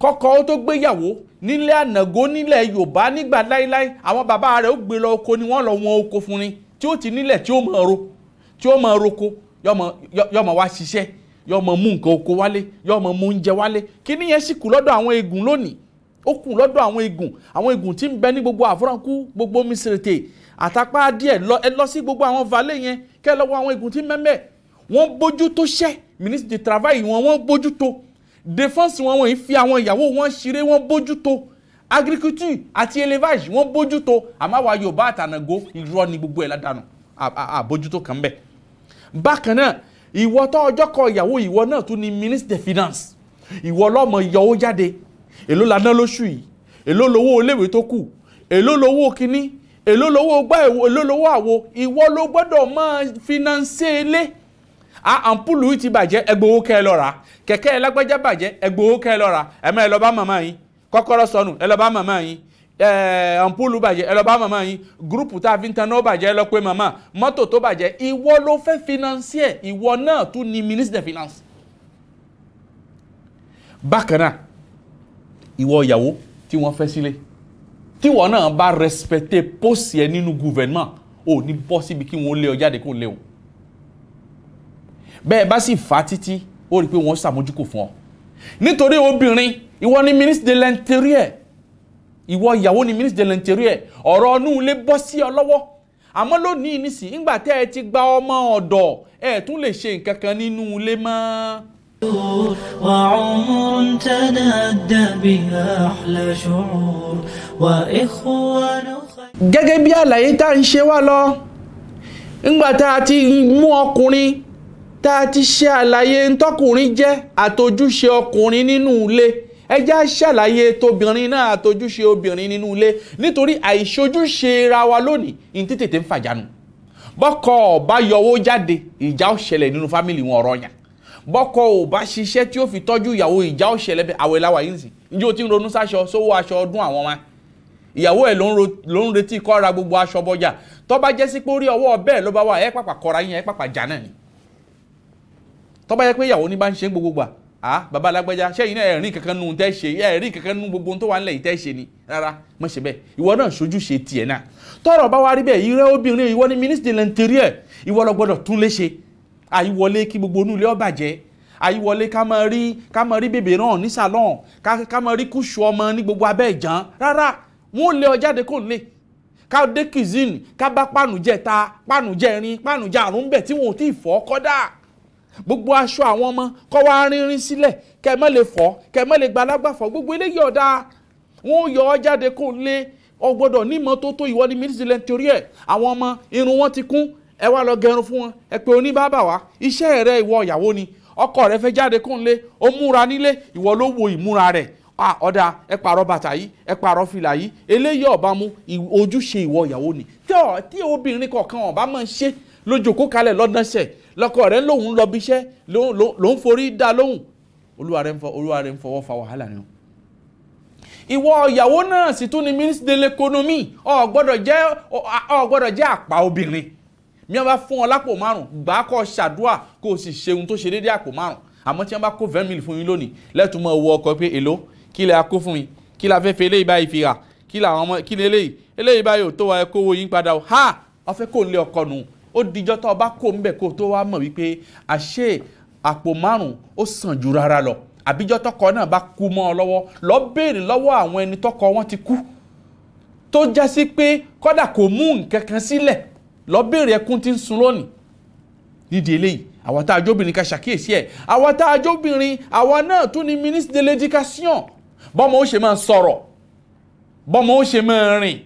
S1: kọ́kọ́ ó tó gbéyàwó nílé ànàgó nílẹ̀ yorùbá nígbà láíláí àwọn bàbá rẹ̀ ó gbé lọ oko ni wọ́n lọ wọn oko fún ni tí ó ti nílẹ̀ tí ó mọ̀ ro tí ó mọ̀ roko yọmọ wá ṣiṣẹ́ yọmọ mú nǹkan oko wálé yọmọ mú oúnjẹ wálé kí níyẹn sì kù lọ́dọ̀ àwọn eégún lónìí ó kù lọ́dọ̀ àwọn eégún àwọn eégún tí ń bẹ ní gbogbo àfúránkù gbogbo mísírètè àtàpá díẹ̀ lọ sí gbogbo àwọn valé yẹn kẹ́ lọ́wọ́ àwọn eégún tí ń mẹ́mẹ́ wọ́n bójú tó ṣẹ́ ministre du travail wọn wọ́n bójútó défense wọn wọ̀nyí fi àwọn ìyàwó wọn ṣeré wọ́n bójútó agriculture àti élevage wọ́n bójútó àmọ́ àwa yorùbá àtànàgó irọ́ ni gbogbo ẹ̀ ládàánù àbójútó kan bẹ́ẹ̀. bákan náà ìwọ tó ọjọ́ kọ ìyàwó ìwọ náà tún ni ministre des finances ìwọ lọ́mọ ìyọwó jáde èló la ná lóṣù yìí èló lowó iléèwé tó kù èló lowó kínní èló lowó gbá èló lowó àwo ìwọ ló gbọ́dọ̀ máa finance ilé a àmpúlù ti bàjẹ́ ẹgbowó kẹ́ ẹ lọ rà kẹ̀kẹ́ ẹ lágbájá bàjẹ́ ẹgbowó kẹ́ ẹ lọ rà ẹ̀mọ́ ẹ lọ bá màmá yín kọ́kọ́rọ́ sọnù ẹ lọ bá màmá yín àmpúlù bàjẹ́ ẹ lọ bá màmá yín gúrùpù tá a fi financier ìwọ náà tún ni minister finance. bákan náà ìwọ ìyàwó tí wọ́n fẹ́ sílé tíwọ náà bá respecté pósì ẹ gouvernement ò ni bọ́ síbi kí wọ́n lé ọ jáde lé o bẹ́ẹ̀ bá sì fà á títí ó rí i pé wọ́n ṣàmójúkò fún ọ nítorí obìnrin ìwọ ni ministre de l'intérieur ìwọ ìyàwó ni ministre de l'intérieur ọ̀rọ̀ ọ̀nù lè bọ́ sí ọ lọ́wọ́ àmọ́ lónìí nísìnyí ńgbà tẹ́ ẹ ti gba ọmọ ọ̀dọ̀ ẹ tún lè ṣe nǹkan kan nínú ilé mọ́. وعمر تنادى بها أحلى شعور وإخوان gẹ́gẹ́ bí àlàyé tá à ń ṣe wá lọ ńgbà tá a ti mú ọkùnrin tá a ti ṣe àlàyé ntọ́kùnrin jẹ́ àtọ́júṣe ọkùnrin nínú ilé ẹjẹ́ àṣàlàyé tóbìnrin náà àtọ́júṣe obìnrin nínú ilé nítorí àìṣojúṣe ra wa lónìí ní tètè ń fàjánu bọ́kọ ọba yọwó jáde ìjà ó ṣẹlẹ̀ nínú fámìlì wọn ọ̀rọ̀ yàn bọ́kọ ò bá ṣiṣẹ́ tí ó fi tọ́jú ìyàwó ìjà ó ṣẹlẹ̀ bẹ́ẹ̀ àwẹ̀ láwà yìí nìsín ǹjẹ́ o ti ń ronú sáṣọ sówó aṣọ ọdún àwọn ọmọ ìyàwó ẹ̀ ló ń retí kó gbogbo aṣọ bọ́jà tó bá jẹ́ sí pé orí ọwọ́ bẹ́ẹ̀ ló bá wà ẹ́ pàpà kọra yín ẹ́ pàpà jà náà ni tó bá yẹ pé ìyàwó ní bá ń ṣe gbogbo gbà á bàbá alágbájá sẹ́yìn náà ẹ̀rín kankan nù tẹ́ ṣe ẹ̀rín kankan nù gbogbo tó wà ń lẹ̀ yìí tẹ́ ṣe ni rárá má ṣe bẹ́ẹ̀ ìwọ náà ṣojú ṣe tiẹ̀ náà tọrọ bá wá rí bẹ́ẹ̀ ìrẹ́ obìnrin ìwọ ni ministre l'intérieur ìwọ lọ gbọ́dọ̀ tún léṣe àyíwọlé kí gbogbo onú ilé ó bàjẹ́ àyíwọlé ká máa rí ká máa rí bèbè náà ní salon ká máa rí kùsù ọmọ ní gbogbo abẹ́ ìjàn rárá wọn ò lé ọ jáde kò lè ká dé cuisine ká bá pànùjẹ ta pànùjẹ rin pànùjẹ àrùn bẹ̀ tí wọn ò tí ì fọ́ kọ́dà gbogbo aṣọ àwọn ọmọ kọ́ wá rínrín sílẹ̀ kẹ́ mọ́ lè fọ́ kẹ́ mọ́ lè gbalágbà fọ́ gbogbo eléyìí ọ̀dà wọn ò yọ ọ jáde kó lé ọ gbọ́dọ̀ nímọ̀ tó tó ìwọ ni mínísítì lẹ́nu torí ẹ̀ àwọn ọmọ irun wọn ti kún ẹ wá lọ gẹrun fún wọn ẹ pé oníbàbà wá iṣẹ́ rẹ ìwọ ìyàwó ni ọkọ rẹ fẹ́ jáde kó lé ó múra nílé ìwọ ló wo ìmúra rẹ̀ ah ọ̀dà ẹ pààrọ̀ bàtà yìí ẹ pààrọ̀ fìlà yìí eléyìí ọ̀bá mu ojúṣe ìwọ ìyàwó ni tí obìnrin kọ̀ọ̀kan ọ̀bá máa ń ṣe lójókòó kalẹ̀ lọ́dún ṣẹ̀ lọ́kọ rẹ̀ lòun lọ bíṣẹ́ lòun forí dá lóhùn olúwa rẹ̀ ń fọwọ́ fa wàhálà ni o ìwọ ìyàwó náà sì tún ni ministre de l'économie ọ gbọ́dọ̀ jẹ́ ọ gbọ́dọ̀ jẹ́ àpá obìnrin mi a bá fún ọ lápò márùn gbà á kọ ṣàdúà kó o sì ṣe ohun tó ṣe déédéé àpò márùn àmọ́ tí wọ́n bá kó vingt mille fún yín lónìí lẹ́tùn mọ́ owó ọkọ̀ pé èló kí lè kó fún mi kí lè afẹ́fẹ́ eléyìí báyìí fi rà kí lè àwọn ọmọ kí lè eléyìí eléyìí báyìí ò tó wa ẹ kówó yín padà o ha ọfẹ́ kò ń lé ọkọ nù ó dijọ́ tó o bá kó ń bẹ̀ kó o tó wá mọ̀ wípé àṣé àpò márùn-ún ó sàn ju rárá lọ àbíjọ́ tọkọ náà bá kú mọ́ ọ lọ́wọ́ lọ béèrè lọ́wọ́ àwọn ẹni tọkọ wọn ti kú tó já sí pé kọ́dà kò mú nǹkan kan sílẹ̀ lọ béèrè ẹkún tí ń sun lónìí nídìí eléyìí àwa tá a jóbìnrin ká ṣàkíyèsí ẹ̀ àwa tá a jóbìnrin àwa náà tún ni ministre de l'éducation bọ́mọ ó ṣe máa sọ̀rọ̀ bọ́mọ ó ṣe máa rìn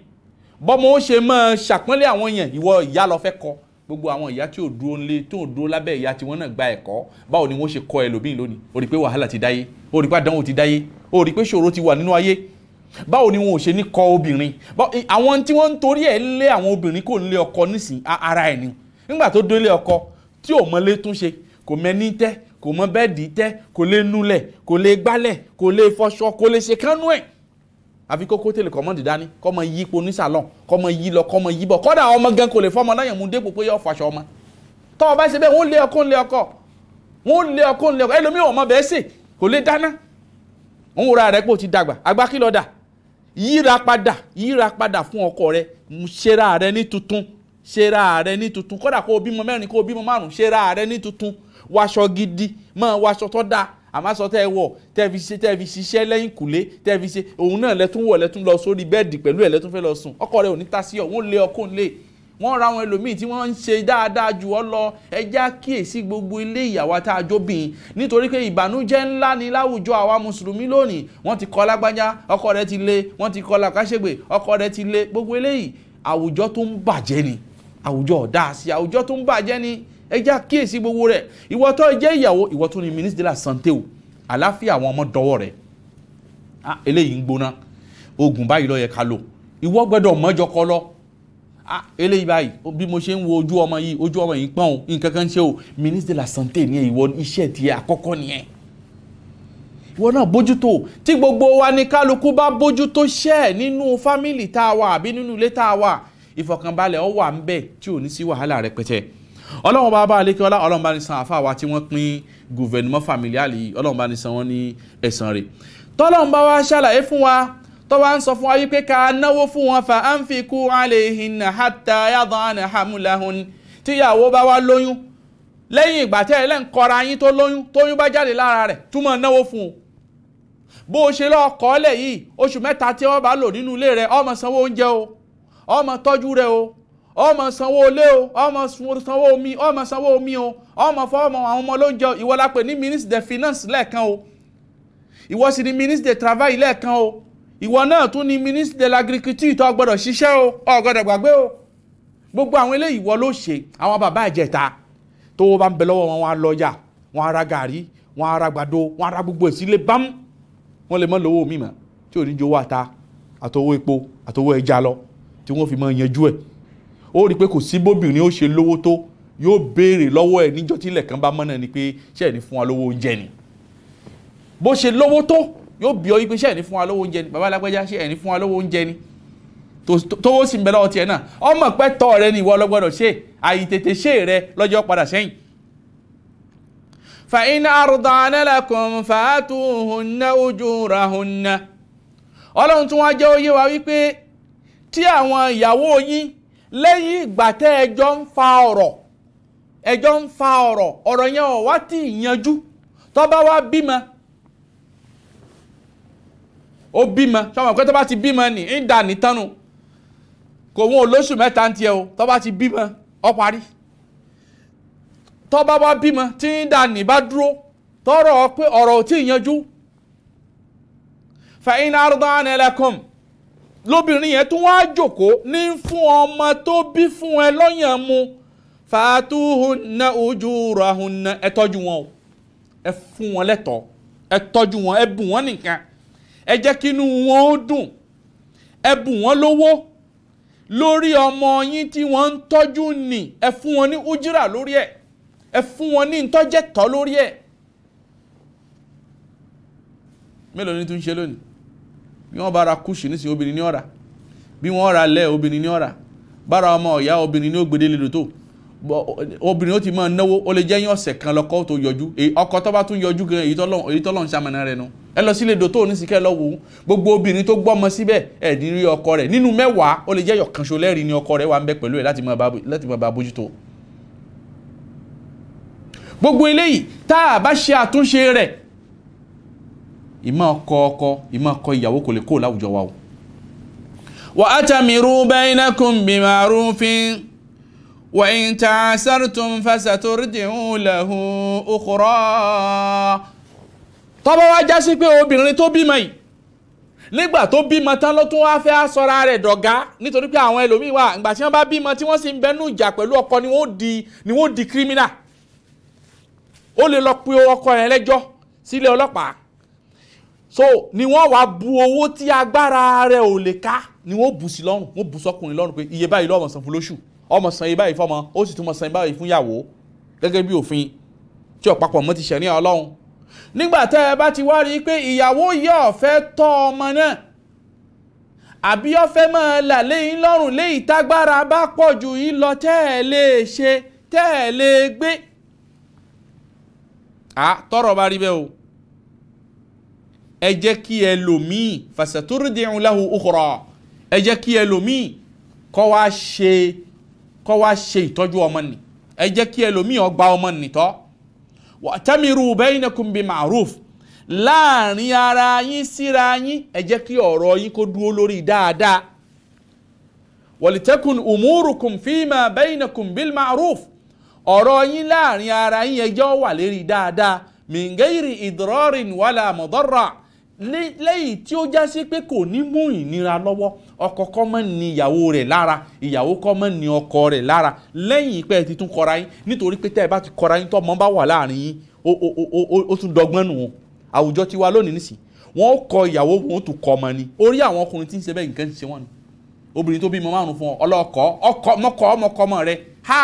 S1: bọ́mọ ó ṣe máa ṣàpọ́nlé àwọn èèyàn ìwọ ìyá lọ fẹ́ kọ́ gbogbo àwọn ìyá tí ò dúró nílé tí ò dúró lábẹ́ ìyá tí wọ́n náà gba ẹ̀kọ́ báwo ni wọ́n ṣe kọ́ ẹlòmíì lónìí ó rí pé wàhálà ti dáyé ó rí pé àdánwò ti dáyé ó rí pé ṣòro ti wà nínú ayé báwo ni wọn ò ṣe ní kọ́ obìnrin àwọn tí wọ́n ń torí ẹ̀ lé àwọn obìnrin kò ń lé ọkọ nísìn ara ẹ̀ ni nígbà tó délé ọkọ tí ò mọ lé túnṣe kò mẹ́ni tẹ́ kò mọ bẹ́ẹ̀dì tẹ́ kò lè nulẹ̀ kò lè gbálẹ̀ kò lè fọṣọ kò lè ṣe kánú ẹ̀ àfi kókó tèlè kọ́mọ́ dídání kọ́mọ yí ipò ní salon kọ́mọ yí lọ kọ́mọ yí bọ̀ kọ́dà ọmọ gan kò lè fọmọ náà yẹn mú dépò pé yọ fàṣọ ọmọ tọ́ ọ bá ṣe bẹ́ẹ̀ wọ́n lé ọkọ́ ńlé ọkọ́ wọ́n lé ọkọ́ ńlé ọkọ́ ẹlòmíràn ọmọ bẹ́ẹ̀ sè kò lè dáná òun wòra rẹ̀ pé o ti dàgbà àgbà kí ló dà yíra padà yíra padà fún ọkọ rẹ ṣera rẹ ní tuntun ṣera rẹ ní tuntun kọ́dà kó o bímọ mẹ́rin kó o bímọ márùn-ún ṣera rẹ ní tuntun waṣọ gidi máa waṣọ tó dáa àmọ́ aṣọ tẹ́ ẹ wọ̀ tẹ́ ẹ fi ṣe tẹ́ ẹ fi ṣiṣẹ́ lẹ́yìn kùlé tẹ́ ẹ fi ṣe òun náà lẹ́tún wọ̀ lẹ́tún lọ sórí bẹ́ẹ̀dì pẹ̀lú ẹ̀ lẹ́tún fẹ́ lọ sùn ọkọ rẹ ò ní tasí ọ̀ wọ́n lé ọkọ̀ ńlẹ̀ wọ́n ra àwọn ẹlòmíì tí wọ́n ń ṣe dáadáa jù ọ́ lọ ẹjẹ́ àkíyèsí gbogbo ilé ìyàwó tá a nítorí pé ìbànújẹ́ ńlá ni láwùjọ àwa mùsùlùmí lónìí wọ́n ti kọ́ lágbájá ọkọ rẹ ti lé wọ́n ti kọ́ làkàṣègbè ọkọ rẹ ti lé gbogbo eléyìí àwùjọ tó ń bàjẹ́ ni àwùjọ ọ̀dà sí àwùjọ tó ń bàjẹ́ ni ẹja kíyèsí gbogbo rẹ̀ ìwọ tó jẹ́ ìyàwó ìwọ tó ní minister la santé o àlàáfíà àwọn ọmọ dọ́wọ́ rẹ̀ ah eléyìí ń gbóná oògùn báyìí ló yẹ ká lò ìwọ gbọ́dọ̀ mọ́jọ kọ lọ ah eléyìí báyìí bí mo ṣe ń wo ojú ọmọ yìí ojú ọmọ yìí pọ́n o nǹkan kan ṣe o minister la santé ni ìwọ iṣẹ́ tiẹ̀ àkọ́kọ́ nìyẹn ìwọ náà bójútó tí gbogbo wa ní kálukú bá bójútó ṣẹ́ nínú fámìlì tá a wà àbí nínú ilé tá a wà ìfọ̀kànbalẹ̀ ó wà ń bẹ tí ò ní sí wàhálà rẹpẹtẹ ọlọ́run bá bá aleke ọlá ọlọ́run bá ní san àfa àwa tí wọ́n pín gùvẹ̀nùmọ́ fàmìlíàlì yìí ọlọ́run bá ní san wọ́n ní ẹ̀san rẹ̀ tọ́lọ́run bá wá ṣàlàyé fún wa tó wá ń sọ fún wa wípé ká náwó fún wọn fa anfiqu alayhinna hatta yadana hamlahun tíyàwó bá wá lóyún lẹ́yìn ìgbà tẹ́ ẹ lẹ́ǹkọ́ra yín tó lóyún tóyún bá jáde lára rẹ̀ túmọ̀ náwó fún un bó o ṣe lọ́ọ́ kọ́ ọ́ yìí oṣù mẹ́ta tí wọ́n bá lò nínú ilé rẹ̀ ọmọ sanwó oúnjẹ o ọmọ tọ́jú rẹ̀ o ọmọ sanwó ilé o ọmọ sanwó omi ọmọ sanwó omi o ọmọ fọwọ́mọ àwọn ọmọ lóúnjẹ ìwọ la pè ní ministre de finance lẹ́ẹ̀kan o ìwọ sì ni ministre de travail lẹ́ẹ̀kan o ìwọ náà tún ni ministre de l'agriculture tó gbọdọ̀ ṣiṣẹ́ o o gbọdọ̀ gbàgbé o gbogbo àwọn eléyìí ìwọ ló ṣe àwọn bàbá ìjẹta tó o bá ń bẹ lọ́wọ́ wọn wọn á lọ́jà wọn á ra gàrí wọn á ra gbàdo wọn á ra gbogbo ìsílẹ̀ bámú wọn lè mọ́ lówó mi mọ́ tí ò ní jowó ata àtọwó epo àtọwó ẹja lọ tí wọ́n fi mọ́ yanjú ẹ̀ ó rí i pé kò sí bóbìnrin ó ṣe lówó tó yóò béèrè lọ́wọ́ ẹ̀ níjọ́ tí ilẹ̀ kan bá mọ́nà ni pé ṣe ní fún wa lówó oúnjẹ ni bó ṣe lówó tó yóò bí ọ yí pé ṣe ní fún wa lówó oúnjẹ ni bàbá alágbèjà ṣe ní fún wa lówó oúnjẹ ni tówó sì ń bẹ lọ́wọ́ tiẹ̀ náà ọmọ pẹ́ tọ́ rẹ ni ìwọ ọlọ́gbọ́dọ̀ ṣe àìtètè ṣe rẹ lọ́jọ́ padà sẹ́yìn. fàyín àrùdàn lakum lẹ́yìn ìgbà tẹ́ ẹjọ́ ń fa ọ̀rọ̀ ẹjọ́ ń fa ọ̀rọ̀ ọ̀rọ̀ yẹn ò wá tí ì yanjú tó bá wá bímọ ó bímọ pé bá ti bímọ ní ń dà ní tánu kò wọn olóṣù mẹ́ta o bá ti bímọ ó parí tó bá wá bímọ tí ń dà ní bá dúró pé ọ̀rọ̀ ò lóbìnrin yẹn tún wá jòkó ní fún ọmọ tó bí fún ẹ lọ́yàn mu fàtúhùnà ujurahunna ẹ tọ́jú wọn o ẹ fún wọn lẹ́tọ̀ọ́ ẹ tọ́jú wọn ẹ bù wọn nìkan ẹ jẹ́ kínú wọn ó dùn ẹ bù wọn lówó lórí ọmọ yín tí wọ́n ń tọ́jú nì ẹ fún wọn ní ujira lórí ẹ̀ ẹ fún wọn ní ntọ́jẹ́tọ́ lórí ẹ̀ mélòó ni tún ṣe lónìí bí wọ́n bá ra kúṣì nísìnyí obìnrin ní ọ̀rà bí wọ́n ra lẹ́ obìnrin ní ọ̀rà bára ọmọ ọ̀yá obìnrin ní ògbédè lè lòtò obìnrin ó ti máa náwó ó lè jẹ́yìn ọ̀sẹ̀ kan lọ́kọ́ tó yọjú ọkọ tó bá tún yọjú gan èyí tó lọ́n ṣamọ̀nà rẹ̀ nu ẹ lọ sílé dòtó oníṣìkẹ́ lọ wò gbogbo obìnrin tó gbọ́mọ síbẹ̀ ẹ̀ ní rí ọkọ rẹ̀ nínú mẹ́wàá ó lè jẹ́yọ̀ kanṣo lẹ́rìí ni ọkọ rẹ̀ wà ń bẹ pẹ̀lú ẹ̀ láti máa bá bójútó gbogbo eléyìí tá a bá ṣe àtúnṣe rẹ̀ ìmọ̀ ọkọ ọkọ ìmọ̀ ọkọ ìyàwó kò lè kó láwùjọ wa o. wa atamiru bainakum bimarufin wa in ta'asartum fasaturdi'u lahu ukhra. tọ́ba wa já sí pé obìnrin tó bímọ yìí nígbà tó bímọ tán ló tún wáá fẹ́ sọ́ra rẹ̀ dọ̀gá nítorí pé àwọn ẹlòmíì wà ìgbà tí wọ́n bá bímọ tí wọ́n sì ń bẹnu ìjà pẹ̀lú ọkọ ni wọ́n di ni wọ́n di kírímínà ó lè lọ pe ọkọ yẹn lẹ́jọ́ sílé ọlọ́pàá so ni wọ́n wá bu owó tí agbára rẹ̀ ò lè ká ni wọ́n bù sí lọ́rùn wọ́n bù sọkùnrin lọ́rùn pé iye báyìí lọ́mọ san fún lóṣù ọmọ san iye báyìí fọmọ ó sì tún mọ san iye báyìí fún ìyàwó gẹ́gẹ́ bí òfin tí ọ̀pápọ̀ mọ́ ti ṣẹ̀ríà ọlọ́run nígbà tẹ́ ẹ bá ti wá rí i pé ìyàwó yẹ ọ̀fẹ́ tọ́ ọmọ náà àbí ọ̀fẹ́ máa là léyìn lọ́rùn léyìí tágbára bá pọ̀ ju yín lọ tẹ́ ẹ lè ṣe tẹ́ ẹ lè gbé. à tọrọ bá rí bẹ́ẹ̀ o ẹ jẹ́ kí ẹlòmíì fasaturdi'u lahu ukhra ẹ jẹ́ kí ẹlòmíì kọ́ wá ṣe kọ́ wá ṣe ìtọ́jú ọmọ nì ẹ jẹ́ kí ẹlòmíì ó gba ọmọ nì tọ́ wa'tamiru bainakum bi ma'ruf láàrin ara yín síra yín ẹ jẹ́ kí ọ̀rọ̀ yín kó dúró lórí dáadáa walitakun umurukum fima bainakum bil ma'ruf ọ̀rọ̀ yín láàrin ara yín ẹjọ́ wà lérí dáadáa min idrorin wala mudarra lẹ́yìn tí ó já sí pé kò ní mú ìnira lọ́wọ́ ọkọ kọ́ mọ́ ni ìyàwó rẹ̀ lára ìyàwó kọ́ mọ́ ni ọkọ rẹ̀ lára lẹ́yìn ìpẹ́ ti tún kọra yín nítorí pé tẹ́ ẹ bá ti kọra yín tọ́mọ bá wà láàrin yín ó tún dọgbọ́n nù wọn àwùjọ tiwa lónìí nìsí wọn ó kọ ìyàwó wọn ó tún kọ ọmọ ni orí àwọn ọkùnrin tí ń ṣe bẹ́ẹ̀ nǹkan ṣe wọ́n ni obìnrin tó bímọ márùn fún ọ ọlọ́kọ ọmọkọ ha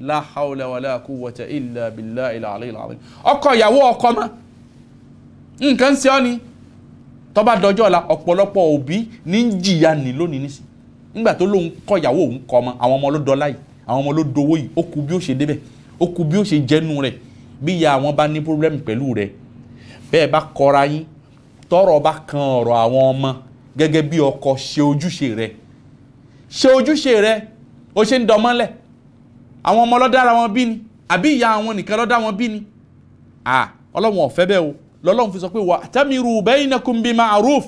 S1: la hawla wala quwwata illa billahi ilà àlẹ́ ìlà àlẹ́ ọkọ ìyàwó ọkọ ṣe ọ ni tó bá dọjọ́ ọ̀la ọ̀pọ̀lọpọ̀ òbí ní ń jìyà ní lónìí nísìn nígbà tó lóun kọ́ ìyàwó òun kọ́ ọmọ àwọn ọmọ ló dọlá yìí àwọn ọmọ ló dowó yìí ó kù bí ó ṣe débẹ̀ ó kù bí ó ṣe jẹ́nu rẹ̀ bí ìyá àwọn bá ní pírọ́blẹ́mù pẹ̀lú rẹ̀ bẹ́ẹ̀ bá kọra yín tọ́rọ̀ bá kan ọ̀rọ̀ àwọn ọmọ gẹ́gẹ́ bí ọkọ ṣe ojúṣe rẹ̀ ṣe ojúṣe rẹ̀ ó ṣe ń dọmọ́lẹ̀ àwọn ọmọ ló wọn bí ni àbí ìyá àwọn nìkan ló wọn bí ni à ọlọ́wọ̀n ọ̀fẹ́ bẹ́ẹ̀ o lọ́lọ́run fi sọ pé wa'tamiru bainakum bi ma'ruf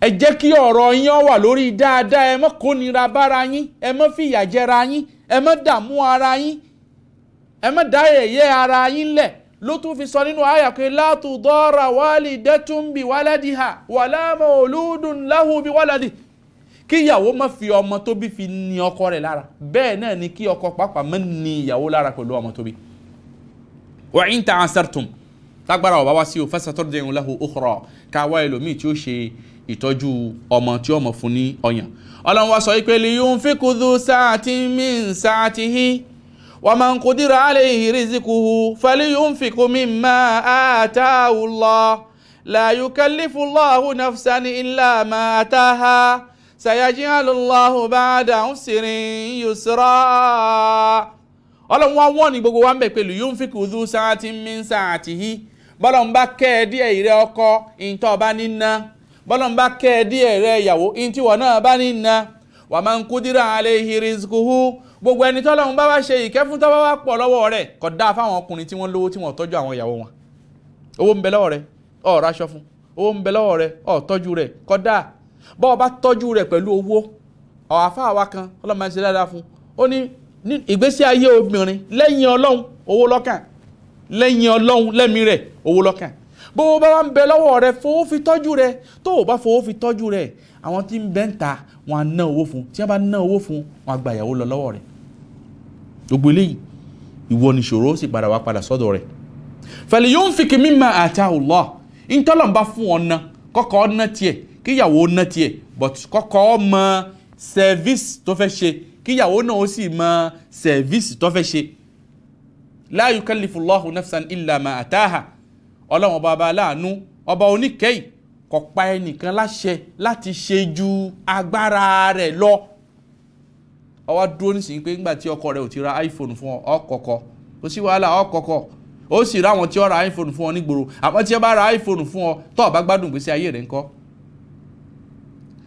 S1: ẹ jẹ́ kí ọ̀rọ̀ yín wà lórí dáadáa ẹ má kónira bára yín ẹ má fìyà jẹra yín ẹ má dààmú ara yín ẹ má dá ẹ̀yẹ ara yín lẹ̀ ló tún fi sọ nínú àyà pé la tudara walidatun bi waladiha wala mauludun lahu bi waladi kí ìyàwó má fi ọmọ tó fi ni ọkọ rẹ̀ lára bẹ́ẹ̀ náà ni kí ọkọ pàápàá má ni ìyàwó lára pẹ̀lú ọmọ tó bí. wa in ta'asartum tágbára ọ̀bá wá sí o fasatọ́dẹ̀ ń lahu ukhra ká wá ẹlòmíì tí ó ṣe ìtọ́jú ọmọ tí ọmọ fún ní ọyàn ọlọ́run wá sọ pé liyunfiku dhu sa'atin min sa'atihi wa man qudira alayhi rizquhu falyunfiku mimma ataahu Allah la yukallifu Allahu nafsan illa ma ataaha sayaj'alu Allahu ba'da usrin yusra ọlọ́run wá wọ́n ní gbogbo wa ń bẹ̀ pẹ̀lú liyunfiku dhu sa'atin min sa'atihi bọ́lọ́mbà kẹ́ ẹ díẹ̀ ìrẹ ọkọ ìntọ́ ọba ní ná bọ́lọ́mbà kẹ́ ẹ díẹ̀ rẹ ìyàwó ìntíwọ̀ náà bá ní ná wà máa ń kú gbogbo ẹni tọ́lọ́run bá wá ṣe ìkẹ́ fún tọ́wọ́ wá pọ̀ lọ́wọ́ rẹ̀ kò dáa fáwọn ọkùnrin tí wọ́n lówó wọn owó ń bẹ lọ́wọ́ rẹ̀ ọ̀ raṣọ fún owó ń bẹ lọ́wọ́ rẹ̀ ọ̀ tọ́jú rẹ̀ bọ́ kan ń ṣe dáadáa fún ó ní ìgbésí ayé obìnrin lẹ́yìn ọlọ́run lẹ́mí rẹ̀ owó lọ́kàn bó o bá wá ń bẹ lọ́wọ́ rẹ fowó fi tọ́jú rẹ tó o bá fowó fi tọ́jú rẹ àwọn tí ń bẹ ń ta wọn á ná owó fún tí wọn bá ná owó fún wọn á gba ìyàwó lọ lọ́wọ́ rẹ gbogbo eléyìí ìwọ ni ìṣòro ó sì padà wá padà sọ́dọ̀ rẹ fẹ̀lẹ̀ yóò ń fi kí mímọ àti àwùlọ́ ìtọ́lọ̀ ń bá fún ọ̀nà kọ́kọ́ ọ̀nà tiẹ̀ kíyàwó ọ̀nà tiẹ̀ but kọ́kọ́ mọ service tó fẹ́ ṣe kíyàwó náà ó sì service tó fẹ́ ṣe la yukallifu Allahu nafsan illa ma ataha ọlọ́run ọba ọba aláàánú ọba oníkẹ́yì kò pa ẹnìkan láṣẹ láti ṣe ju agbára rẹ̀ lọ ó wá dúró nísìnyí pé ńgbà tí ọkọ rẹ ò ti ra iPhone fún ọ ọkọ̀kọ̀ kò sí wàhálà ọkọ̀kọ̀ ó sì ráwọn tí ó ra iPhone fún ọ nígboro àmọ́ tí ó bá ra iPhone fún ọ tó o gbádùn gbèsè ayé rẹ̀ ńkọ́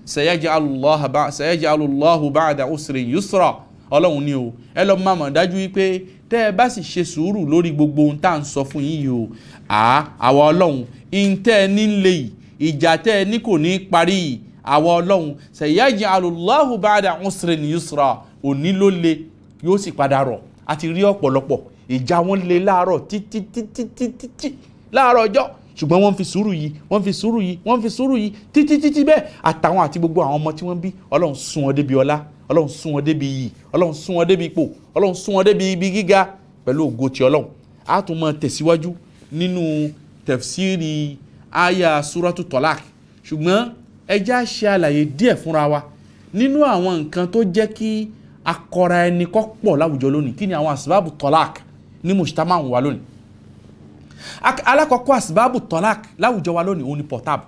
S1: sayaj'alu Allahu ba'da usri yusra ọlọ́run ni o ẹ lọ máa mọ̀ dájú wípé tẹ́ ẹ bá sì ṣe sùúrù lórí gbogbo ohun tá à ń sọ fún yín yìí o àwa ọlọ́run ìǹtẹ́ ẹ ní lè yìí ìjà tẹ́ ẹ ní kò ní parí yìí àwa ọlọ́run sayaj'alu Allahu ba'da usrin yusra òní ló le yóò sì padà rọ̀ a ti rí ọ̀pọ̀lọpọ̀ ìjà wọn le láàárọ̀ títí títí títí láàárọ̀ ọjọ́ ṣùgbọ́n wọ́n fi sùúrù yìí wọ́n fi sùúrù yìí wọ́n fi sùúrù yìí títí bẹ́ẹ̀ àtàwọn àti gbogbo àwọn ọmọ tí wọ́n bí ọlọ́run sún wọn débi ọlá ọlọ́run sún wọn débi yìí ọlọ́run sún wọn débi ipò ọlọ́run sún wọn débi ibi gíga pẹ̀lú ògo ti ọlọ́run a tún máa tẹ̀síwájú nínú tẹ̀fsíìrì àyà suratu tọ́lák ṣùgbọ́n ẹjẹ́ á ṣe àlàyé díẹ̀ fúnra wa nínú àwọn nǹkan tó jẹ́ kí akọra ẹni kọ́ pọ̀ láwùjọ lónìí kí ni àwọn àsìbáàbù tọ́lák ní mùsítàmá wa lónìí alákọ̀ọ́kọ́ àsìbáàbù tọ́lák láwùjọ wa lónìí òun ni pọ̀táàbù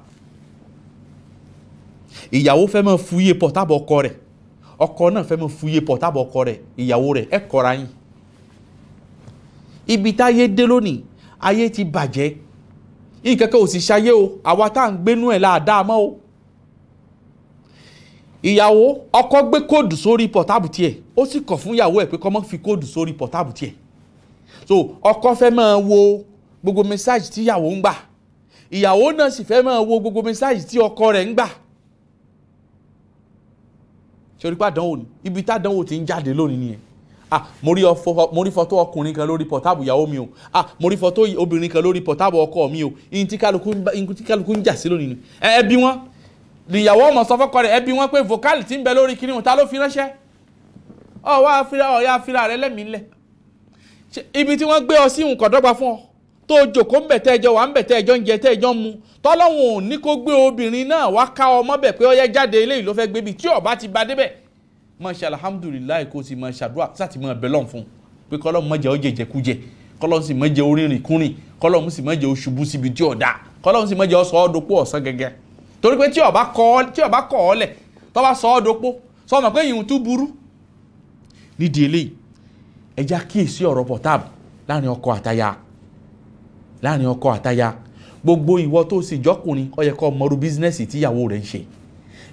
S1: ìyàwó fẹ́ máa fúyè pọ̀táàbù ọkọ rẹ̀ ọkọ náà fẹ́ mọ́ fúyé pọ̀ tábọ̀ ọkọ rẹ̀ ìyàwó rẹ̀ ẹ kọ́ra yín ibi táyé dé lónìí ayé ti bàjẹ́ nǹkan kan ò sì ṣayé o àwa tá à ń gbénú ẹ̀ láàdáa mọ́ o ìyàwó ọkọ gbé kóòdù sórí pọ̀tábù tiẹ̀ ó sì kọ̀ fún ìyàwó ẹ̀ pé kọ́ mọ́ fi kóòdù sórí pọ̀tábù tiẹ̀ so ọkọ fẹ́ máa wo gbogbo mẹ́sáàgì tí ìyàwó ń gbà ìyàwó náà sì fẹ́ máa wo gbogbo mẹ́sáàgì tí ọkọ rẹ̀ ń gbà ṣorí pé àdánwò ni ibi tádánwò ti ń jáde lónìí nìyẹn ah mo rí fọ́tò ọkùnrin kan lórí pọ̀táàbù ìyàwó mi o ah mo rí fọ́tò obìnrin kan lórí pọ̀táàbù ọkọ mi o ihun tí kálukú ń jà sí lónìí ni ẹ bí wọn níyàwó ọmọ sọ fọ́kọ rẹ̀ ẹ bí wọn pé vocal ti ń bẹ lórí kíní wọn ta ló fi ránṣẹ́ ọ wá ọyá afira rẹ lẹ́mìí lẹ̀ ibi tí wọ́n gbé ọ sí nǹkan dọ́gba fún ọ tó jòkó ń bẹ̀ tẹ́jọ́ wà ń bẹ̀ tẹ́jọ́ ń jẹ tẹ́jọ́ mu tọ́lọ́hún ò ní kó gbé obìnrin náà wá ká ọmọ bẹ̀ pé ọyẹ jáde eléyìí ló fẹ́ gbé bi tí ọba ti ba débẹ̀ máa ṣe alhamdulilayi kó o sì máa ṣàdúrà sátì máa bẹ̀ lọ́n fún un pé kọ́lọ́ mọ̀ jẹ́ ó jẹ́ jẹkújẹ kọ́lọ́ sì mọ̀ jẹ́ orírìn kúrìn kọ́lọ́ sì mọ̀ jẹ́ oṣubú síbi tí ọ̀dà kọ́lọ́ sì mọ̀ jẹ́ ọsọ ọdọpọ̀ ọ̀sán gẹ́gẹ́ torí pé tí ọba kọ́ ọ lẹ̀ tọ́ sọ ọdọpọ̀ sọ ma pé ìhun tún burú nídìí eléyìí ẹja kíyèsí ọ̀rọ̀ pọ̀ táàbù láàrin ọkọ àtaya láàrin ọkọ àtaya gbogbo ìwọ tó sì jọkùnrin ó yẹ kó mọrú bísínẹ́sì tíyàwó rẹ̀ ń ṣe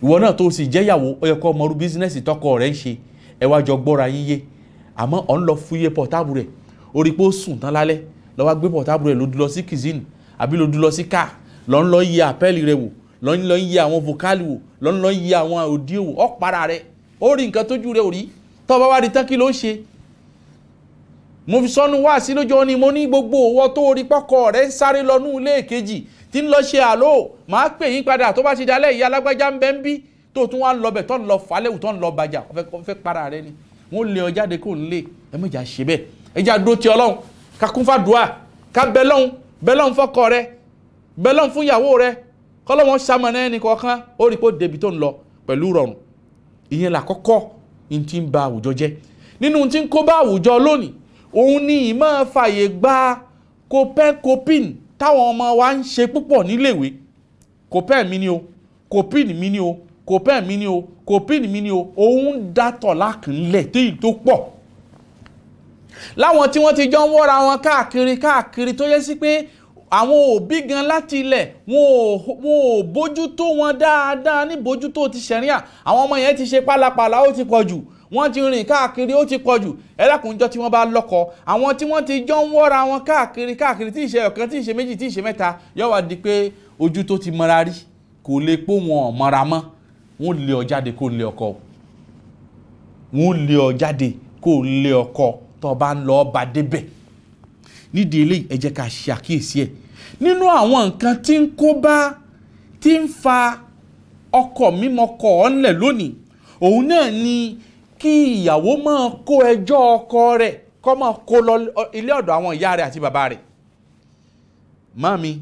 S1: ìwọ náà tó sì jẹ́yàwó ó yẹ kó mọrú bísínẹ́sì tọkọ rẹ̀ ń ṣe ẹ wá jọ gbọ́ra yín yé àmọ́ ọ̀ ń lọ fún iye pọ̀táàbù rẹ̀ orí pé ó sùn tán lálẹ́ ló wá gbé pọ̀táàbù rẹ̀ lòdù lọ sí kìzínì àbí lòdù lọ sí káà lọ́ ń lọ yẹ àpẹ́ẹ̀lì rẹ̀ wò lọ́ ń lọ yẹ àwọn vokali wò lọ́ ń lọ yẹ àwọn òdì wò ọ̀ para rẹ̀ ó rí nǹkan tójú rẹ̀ ò rí tọ́ mo fi sọnù wá sí lójó ni mo ní gbogbo owó tó orí pọkọ rẹ ń sáré lọnú ilé kejì tí ń lọ ṣe àlọ màá pè yín padà tó bá ti dalẹ̀ ìyá alágbájá ń bẹ ń bí tó tún wá ń lọbẹ tó ń lọ falẹwù tó ń lọ bàjá ó fẹ́ para rẹ ni wọ́n lé ọ jáde kó ń lé ẹ méjà ṣe bẹ́ẹ̀ ẹ jẹ́ àdó ti Ọlọ́run ká kún fàdúà ká bẹ lọ́hùn bẹ lọ́hùn fọ́kọ rẹ bẹ lọ́hùn fún ìyàwó rẹ kọ́lọ́wọ́n ṣamọ̀nà ẹnì kọ̀ọ̀kan ó rí pé débi tó ń lọ pẹ̀lú rọrùn ìyẹn làkọ́kọ́ ní ti ń ba àwùjọ jẹ́ nínú ti ń kó bá àwùjọ lónìí òun ni ìmọ̀ fàyè gba copecopin táwọn ọmọ wa ń ṣe púpọ̀ níléèwé copen mi ni o copin mi ni o copen mi ni o copin mi ni o òun dátọ̀ lákìnlẹ̀ téyì tó pọ̀ láwọn tí wọ́n ti jọ ń wọ́ra wọn káàkiri káàkiri tó yẹ sí pé àwọn òbí gan láti ilẹ̀ wọn ò bójútó wọn dáadáa ní bójútó ti ṣẹ̀ríà àwọn ọmọ yẹn ti ṣe pálapàla ó ti pọ̀ jù wọ́n ti rìn káàkiri ó ti pọ̀jù ẹlẹ́kùnjọ́ tí wọ́n bá lọ́kọ àwọn tí wọ́n ti jọ ń wọ́ra wọn káàkiri káàkiri tí ìṣe ọ̀kan tí ìṣe méjì tí ìṣe mẹ́ta yóò wá di pé ojú tó ti mọra rí kò lè pò wọn ò mọra mọ́ wọn lé ọ jáde kó lé ọkọ wọn lé ọ jáde kó lé ọkọ tó bá ń lọ bá débẹ̀ nídìí eléyìí ẹ jẹ́ ká ṣe àkíyèsí ẹ̀ nínú àwọn nǹkan tí ń kó tí ń fa ọkọ mímọkọ ọ̀nlẹ̀ lónìí òun náà ni kí ìyàwó máa kó ẹjọ́ ọkọ rẹ̀ kó máa kó lọ ilé ọ̀dọ̀ àwọn ìyá rẹ̀ àti bàbá rẹ̀ mami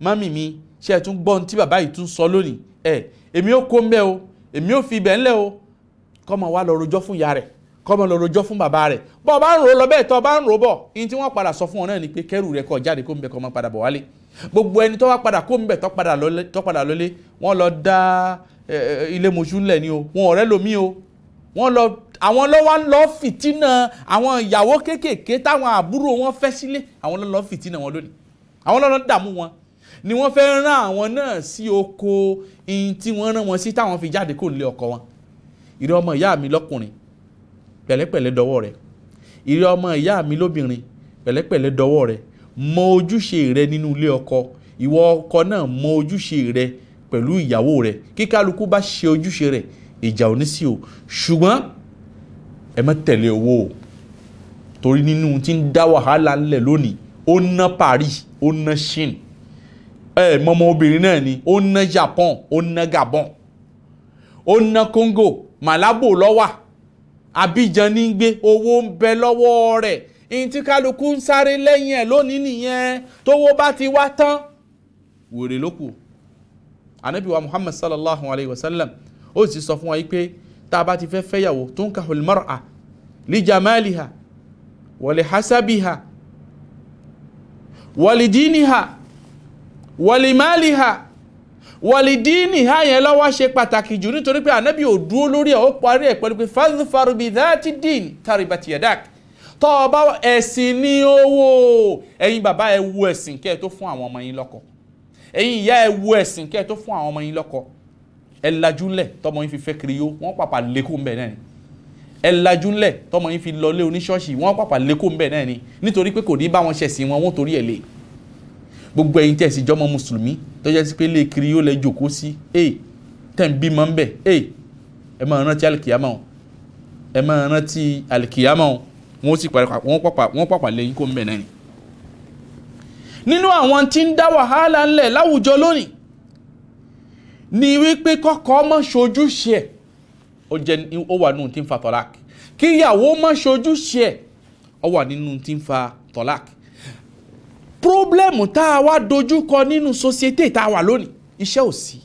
S1: mami mi ṣe ẹ tún gbọ́n tí bàbá yìí tún sọ lónìí ẹ èmi ò kó ń bẹ́ o èmi ò fi ibẹ̀ ńlẹ̀ o kó máa wá lọ rojọ́ fún ìyá rẹ̀ kó máa lọ rojọ́ fún bàbá rẹ̀ bọ́ ọ bá ń rò lọ bẹ́ẹ̀ tọ́ ọ bá ń rò bọ̀ ihun tí wọ́n padà sọ fún ọ náà ni pé kẹ́rù rẹ̀ kó jáde kó ń bẹ kó máa padà bọ̀ wálé gbogbo ẹni tó wá padà kó ń bẹ tó padà lọlé wọ́n lọ dá ilé mọ̀ṣú ńlẹ̀ ni o wọn ọ̀rẹ́ lomi o wọ́n lọ àwọn lọ́wọ́ ń lọ fìtínà àwọn ìyàwó kéékèèké táwọn àbúrò wọn fẹ́ sílé àwọn lọ́ọ́ lọ fìtínà wọn lónìí àwọn lọ́ọ́ dààmú wọn ni wọ́n fẹ́ rán àwọn náà sí oko ihun tí wọ́n rán wọn sí táwọn fi jáde kó nílé ọkọ wọn ìrẹ ọmọ ìyá mi lọ́kùnrin pẹ̀lẹ́pẹ̀lẹ́ dọwọ́ rẹ ìrẹ ọmọ ìyá mi lóbìnrin pẹ̀lẹ́pẹ̀lẹ́ dọwọ́ rẹ mọ ojúṣe rẹ nínú ilé ọkọ ìwọ ọkọ náà mọ ojúṣe rẹ pẹ̀lú ìyàwó rẹ kíkálukú bá ṣe ojúṣe rẹ ìjà ò ní sí o ṣùgbọ́n ẹ má tẹ̀lé owó o torí nínú tí ń dá wàhálà ńlẹ̀ lónìí ó ná Paris ó ná Shin ẹ mọmọ obìnrin náà ni ó ná Japan ó ná Gabon ó ná Congo Malabo lọ́wà Abidjan ní gbé owó ń bẹ lọ́wọ́ rẹ̀ èyí tí kálukú ń sáré lẹ́yìn ẹ̀ lónìí nìyẹn tówó bá ti wá tán wèrè lókù anabiwa Muhammad sallallahu alayhi wa sallam ó sì sọ fún wa pé tá a bá ti fẹ́ fẹ́yàwó tunkahul mar'a li jamaliha wa li hasabiha wa li diniha wa li maliha wàlìdíìnì ha yẹn lọ́wọ́ ṣe pàtàkì jù nítorí pé ànábì ò dúró lórí ẹ̀ ó parí ẹ̀ pẹ̀lú pé fadhfar bi dhati din taribati tọ́ ọ bá ẹ̀sìn ní owó ẹ̀yin bàbá ẹ wo ẹ̀sìn kẹ́ tó fún àwọn ọmọ yín lọ́kọ ẹ̀yin ìyá ẹ wo ẹ̀sìn kẹ́ tó fún àwọn ọmọ yín lọ́kọ ẹ lajú ńlẹ̀ tọmọ yín fi fẹ́ kiri yó wọ́n pàpà lékò ńbẹ̀ náà ni ẹ lajú ńlẹ̀ tọmọ yín fi lọlé oníṣọ́ọ̀ṣì wọ́n pàpà lékò ńbẹ̀ náà ni nítorí pé kò ní bá wọn ṣẹ̀sìn wọn wọ́n torí ẹ̀ lè gbogbo ẹ̀yin tẹ̀ sí jọmọ mùsùlùmí tó jẹ́ sí pé lè kiri yó lẹ jòkó sí ẹ tẹ̀ ń bímọ ńbẹ̀ ẹ ẹ máa rántí alikiyama o ẹ máa rántí alikiyama o wọ́n sì pàpà wọ́n pàpà lẹ́yìn kó ńbẹ̀ náà ni nínú àwọn tí ń dá wàhálà ńlẹ̀ láwùjọ lónìí ni wípé kọkọ ọmọ ṣojúṣe ẹ̀ ó jẹ́ ó wà nínú tí ń fa tọ́lák kí ìyàwó má ṣojúṣe ó wà nínú tí ń fa tọ́lák pírọ́blẹ́mù tá a wá dojúkọ nínú sosiété tá a wà lónìí iṣẹ́ ò sí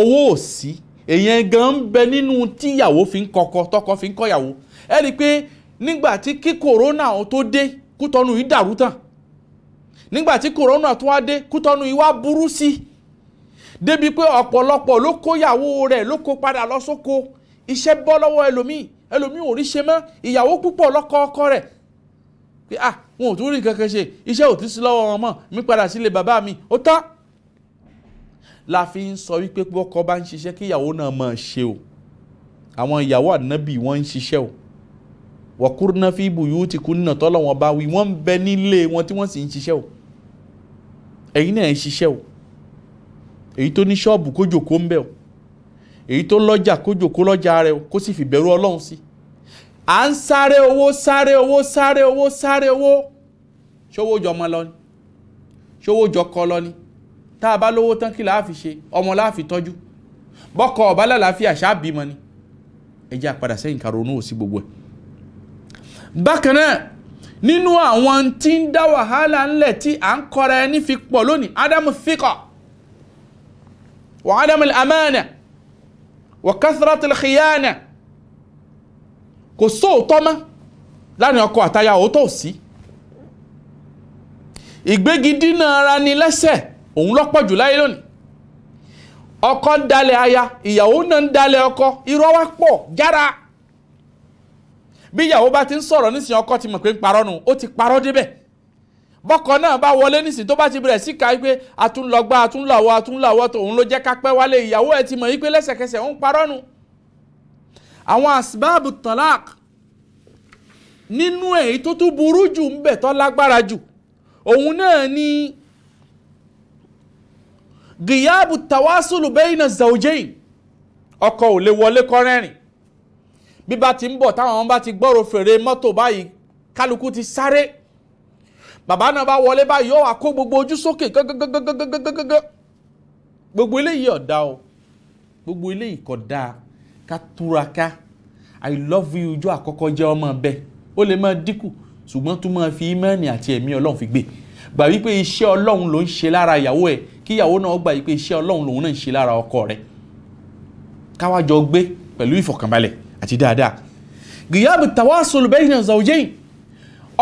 S1: owó ò sí èèyàn gan ń bẹ nínú tíyàwó fi ń kọkọ tọkọ fi ń kọyàwó ẹ rí i pé nígbà tí kí kòrónà tó dé kútọ́nù yìí dàrú tán nígbà tí kòrónà tó wá dé kútọ́nù yìí wá burú sí i débi pé ọ̀pọ̀lọpọ̀ ló kóyàwó rẹ̀ ló kó padà lọ sóko iṣẹ́ bọ́ lọ́wọ́ ẹlòmíì ẹlòmíì ò rí ṣe mọ́ ìyàwó púpọ̀ lọ́kọ ọkọ rẹ̀ pé ah wọn ò tún rí kankan ṣe iṣẹ́ ò ti sí lọ́wọ́ wọn mọ́ mi padà sílé bàbá mi ó tán la fi ń sọ wípé ọkọ bá ń ṣiṣẹ́ kí ìyàwó náà máa ṣe o àwọn ìyàwó ànábì wọ́n ń ṣiṣẹ́ o wọ̀kúrúná fi bùyútì kúnnà tọ́lọ̀ wọn bá wí wọ́n ń bẹ nílé wọn tí wọ́n sì ń ṣiṣẹ́ o ẹ̀yin náà ń ṣiṣẹ́ o èyí tó ní ṣọ́ọ̀bù kó ń bẹ̀ o èyí tó lọ́jà kó lọ́jà rẹ̀ o kó sì fìbẹ̀rù ọlọ́run sí à ń sáré owó sáré owó sáré owó sáré owó ṣówó jọ ọmọ lọ ni ṣówó jọ kọ lọ ni tá a bá lówó tán kí láàfi ṣe ọmọ láàfi tọ́jú bọ́kọ ọ̀bá lálàáfíà ṣáàbímọ ni ẹ jẹ́ àpadà sẹ́yìn ká ronú òsì gbogbo ẹ̀. bákan náà nínú àwọn tí ń dá wàhálà ńlẹ̀ tí à ń kọra ẹni fi pọ̀ lónìí ádámù fíkọ̀ وعدم الأمانة وكثرة الخيانة kò طما mọ́ láàrin ọkọ àtaya òótọ́ sí ìgbégidínà ara ni lẹ́sẹ̀ òun lọ́pọ̀ jù láyé lónìí ọkọ ń dalẹ̀ aya ìyàwó náà ń dalẹ̀ ọkọ irọ́ wá pọ̀ jára bí ìyàwó bá ti ń sọ̀rọ̀ nísìnyí ọkọ ti mọ̀ pé ń parọ́ nù ó ti parọ́ débẹ̀ bọ́kọ náà bá wọlé nísìnyí tó bá ti bẹ̀rẹ̀ síka wípé atúnlọgbà atúnlàwọ̀ atúnlàwọ̀ tòun ló jẹ́ ká pẹ́ wálé ìyàwó ẹ̀ ti mọ̀ wípé lẹ́sẹ̀kẹsẹ̀ ń parọ́ nu. àwọn asbáàbù talaq nínú èyí tó tún burú jù ń bẹ̀ tó lágbára jù òun náà ni gìyàbù tawásùlù bayna zawjayn ọkọ ò lè wọlé kọ́rẹ́rìn bí bá ti ń bọ̀ táwọn bá ti gbọ́rọ̀ fèrè mọ́tò báyìí kálukú ti sáré bàbá náà bá wọlé báyìí yóò wá kó gbogbo ojú sókè gángangangangangangangangan gbogbo eléyìí ọ̀dà o gbogbo eléyìí kò dáa ká túraká i love you ijó àkọ́kọ́ jẹ́ ọmọ bẹ́ẹ̀ ó lè máa dínkù ṣùgbọ́n tó máa fi ímẹ́ẹ̀nì àti ẹ̀mí ọlọ́run fi gbé gbà wípé iṣẹ́ ọlọ́run ló ń ṣe lára ìyàwó ẹ̀ kí ìyàwó náà gbà wípé iṣẹ́ ọlọ́run lòun náà ń ṣe lára ọkọ rẹ̀ káwájọ gbé pẹ̀lú ìfọ̀kànbalẹ̀ àti dáadáa gìyàbù tawasul bayna zawjayn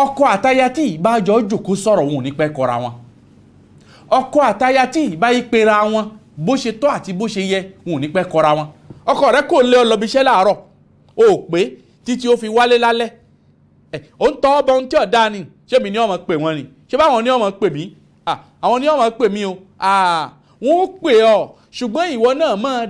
S1: ọkọ àtaya tí ìbájọ jòkó sọ̀rọ̀ wọn ní pẹ́ wọn ọkọ àtaya tí ìbáyí pera wọn bó ṣe tọ́ àti bó ṣe yẹ wọn ní pẹ́ wọn ọkọ rẹ kò lé ọ lọ láàárọ̀ o ò pé títí ó fi wálé lálẹ́ ẹ ò ń tọ́ ọbọ ohun tí ọ̀dá ni ṣé mi ní ọmọ pè wọ́n ni ṣé báwọn ní ọmọ pè mí àwọn ní ọmọ pè mí o wọ́n pè ọ́ ṣùgbọ́n ìwọ náà máa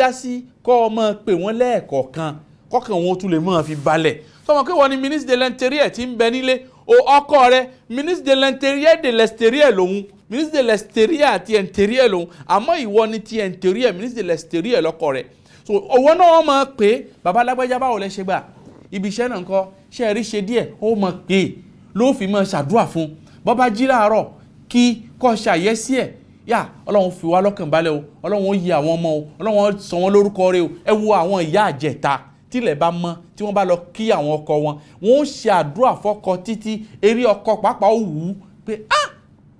S1: dásí kọ́ ọ máa pè wọ́n lẹ́ẹ̀kọ̀ọ̀kan kọ́kàn wọn tún lè máa fi balẹ̀ sọmọ pé wọ́n ní ministre de l'intérieur ti ń bẹ nílé o ọkọ rẹ ministre de l'intérieur de l'extérieur lòun ministre de l'extérieur àti intérieur lòun àmọ́ ìwọ ni ti intérieur ministre de l'extérieur lọ́kọ rẹ so owó náà wọ́n máa pè é baba alágbájá báwo lẹ ṣe gbà ibi iṣẹ́ náà kọ́ ṣe é rí ṣe díẹ̀ ó máa pè é ló fi máa ṣàdúrà fún bọ́bá jí láàárọ̀ kí kọ́ ṣàyẹ́sí ẹ̀ yà ọlọ́run fi wá lọ́kàn balẹ̀ o ọlọ́run ó yẹ àwọn ọmọ o ọlọ́run sọ wọn lórúkọ rẹ o ẹ wo àwọn ìyá àjẹta tílẹ̀ bá mọ́ tí wọ́n bá lọ kí àwọn ọkọ wọn wọ́n ń ṣe àdúrà fọ́kọ títí eré ọkọ pàápàá ó wù pé ah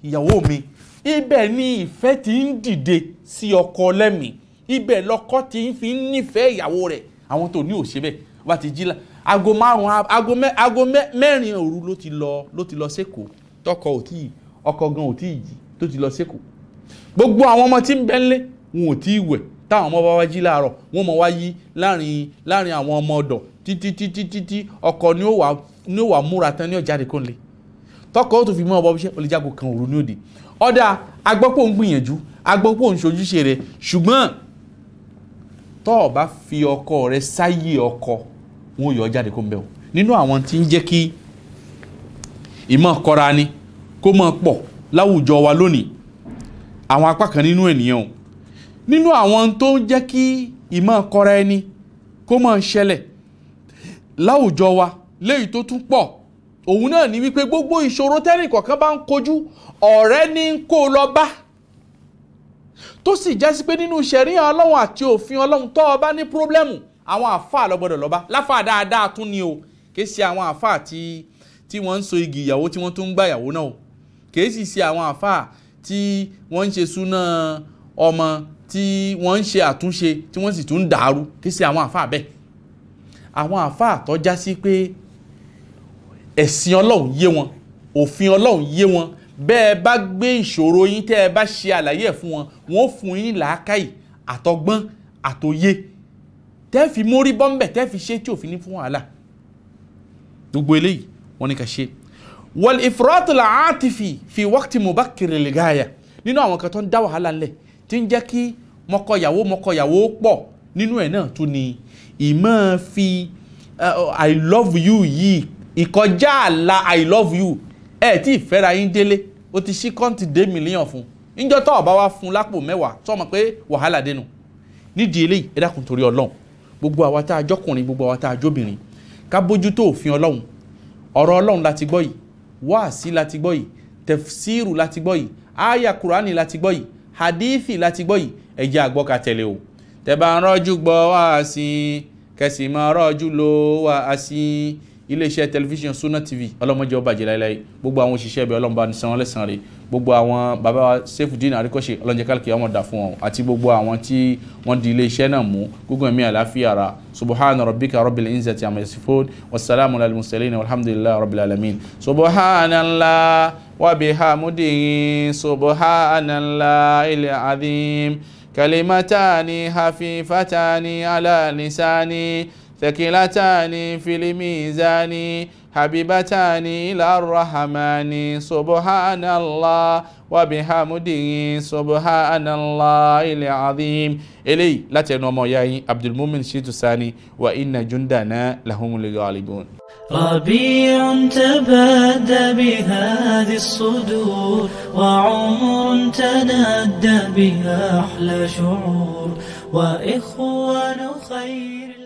S1: ìyàwó mi ibẹ̀ ni ìfẹ́ ti ń dìde sí ọkọ lẹ́mìí ibẹ̀ lọkọ ti ń fi nífẹ̀ẹ́ ìyàwó rẹ̀ àwọn tó ní òṣè bẹ́ẹ̀ bá ti jí la aago márùn aago mẹ aago mẹ́rin òru ló ti lọ ló ti lọ sékòó tọkọ ò tí ọkọ gan ò tí ì jí tó ti lọ sékòó gbogbo àwọn ọmọ tí ń bẹ́ńlé wọn ò tí ì wẹ̀ táwọn ọmọ bá wá jí láàárọ̀ wọ́n mọ̀ wá yí láàrin láàrin àwọn ọmọ ọ̀dọ̀ títí títí títí ọkọ ni ó wà ni ó wà múra tán ní ọ̀jáde kó lè tọkọ ó tún fi mú ọbọ bíṣẹ́ olùjágo kan òru ní òde ọ̀dà agbọ́pọ̀ ń gbìyànjú agbọ́pọ̀ ń ṣojúṣe rẹ̀ ṣùgbọ́n tọ́ ọ bá fi ọkọ rẹ sáyé ọkọ wọn ò yọ ọjáde kó ń bẹ̀ o nínú àwọn tí ń jẹ́ kí ìmọ̀ kọ́ra ni kó mọ̀ pọ̀ láwùjọ wa lónìí àwọn apá kan nínú ènìyàn o nínú àwọn tó ń jẹ́ kí ìmọ̀ kọra ẹni kó máa ṣẹlẹ̀ láwùjọ wa léyìí tó tún pọ̀ òun náà ní wípé gbogbo ìṣòro tẹ́nì kọ̀ọ̀kan bá ń kojú ọ̀rẹ́ ní ń kó lọ bá tó sì jẹ́ sí pé nínú ṣẹ̀ríà ọlọ́run àti òfin ọlọ́run tó o bá ní pírọ́blẹ́mù àwọn àáfàá lọ́gbọ́dọ̀ lọ́ba láfàá dáadáa tún ni o kì í ṣe àwọn àáfàá tí wọ́n ń so igi ìyàwó tí wọ́n tún ń gbà ìyàwó náà o kì í sì ṣe àwọn àáfàá tí wọ́n ń ṣe súná ọmọ tí wọ́n ń ṣe àtúnṣe tí wọ́n sì tún ń dàrú kì í ṣe àwọn àfáà bẹ́ẹ̀ àwọn àfáà tó já sí pé ẹ̀sìn ọlọ́run yé wọn òfin ọlọ́run yé wọn bẹ́ẹ̀ bá gbé ìṣòro yín tẹ́ ẹ bá ṣe àlàyé ẹ̀ fún wọn wọ́n fún yín làákàyè àtọgbọ́n àtòye tẹ́ fi mórí bọ́m̀bẹ̀ tẹ́ fi ṣe tí òfin ní fún wàhálà gbogbo eléyìí wọ́n ní ká ṣe. wal ifratu la atifi fi waqti mubakiri ligaya nínú àwọn kan tó ń dá wàhálà ńlẹ̀ tí ń jẹ́ kí mọ́kọ̀yàwó mọ́kọ̀yàwó pọ̀ nínú ẹ̀ náà tún ni ìmọ̀ fi uh, i love you yìí ìkọjá àlà i love you ẹ̀ tí ìfẹ́ra yín délé o ti ṣí kọ́ǹtì dé mílíọ̀n fún níjọ́ tó ọ̀bá wa fún lápò mẹ́wàá tó mọ̀ pé wàhálà dénú nídìí eléyìí ẹ dákun torí ọlọ́run gbogbo àwa tá a jọkùnrin gbogbo àwa tá a jóbìnrin ká bójútó òfin ọlọ́run ọ̀rọ̀ ọlọ́run láti gbọ́ yìí wáàsí láti gbọ́ yìí tẹ̀fsíìrù láti gbọ́ yìí àyà kùránì láti gbọ́ yìí hadithi láti gbọ́ yìí ẹ jẹ́ àgbọ́ka tẹ̀lé o tẹ́ bá ń rọ́jú gbọ́ wá a sí kẹsì máa rọ́jú lọ wá a sí iléeṣẹ́ tẹlifíṣàn Sunna TV ọlọ́mọdé ọba jẹ láéláé gbogbo àwọn òṣìṣẹ́ ibẹ̀ ọlọ́mọba ní sanwó lẹ́sàn-án rẹ̀ gbogbo àwọn bàbá wa Sefudeen Àríkọ́ṣe ọlọ́njẹ́ kálíkì ọmọ dà fún wọn àti gbogbo àwọn tí wọ́n di iléeṣẹ́ náà mú gbogbo ẹ̀mí àláfíà ra subahana rabbika rabbil izzati amma yasifun wasalaamu alal mursalin walhamdulillahi rabbil alamin subhanallah wa bihamdihi subhanallah ilẹ̀ adim كلمتان خفيفتان على لساني ثقلتان في الميزان حبيبتان إلى الرحمن سبحان الله وبحمده سبحان الله العظيم إلي لا تنومو ياي عبد المؤمن شيت ثاني وإن جندنا لهم الغالبون ربيع تبدى بهذه الصدور وعمر تنادى بها أحلى شعور وإخوان خير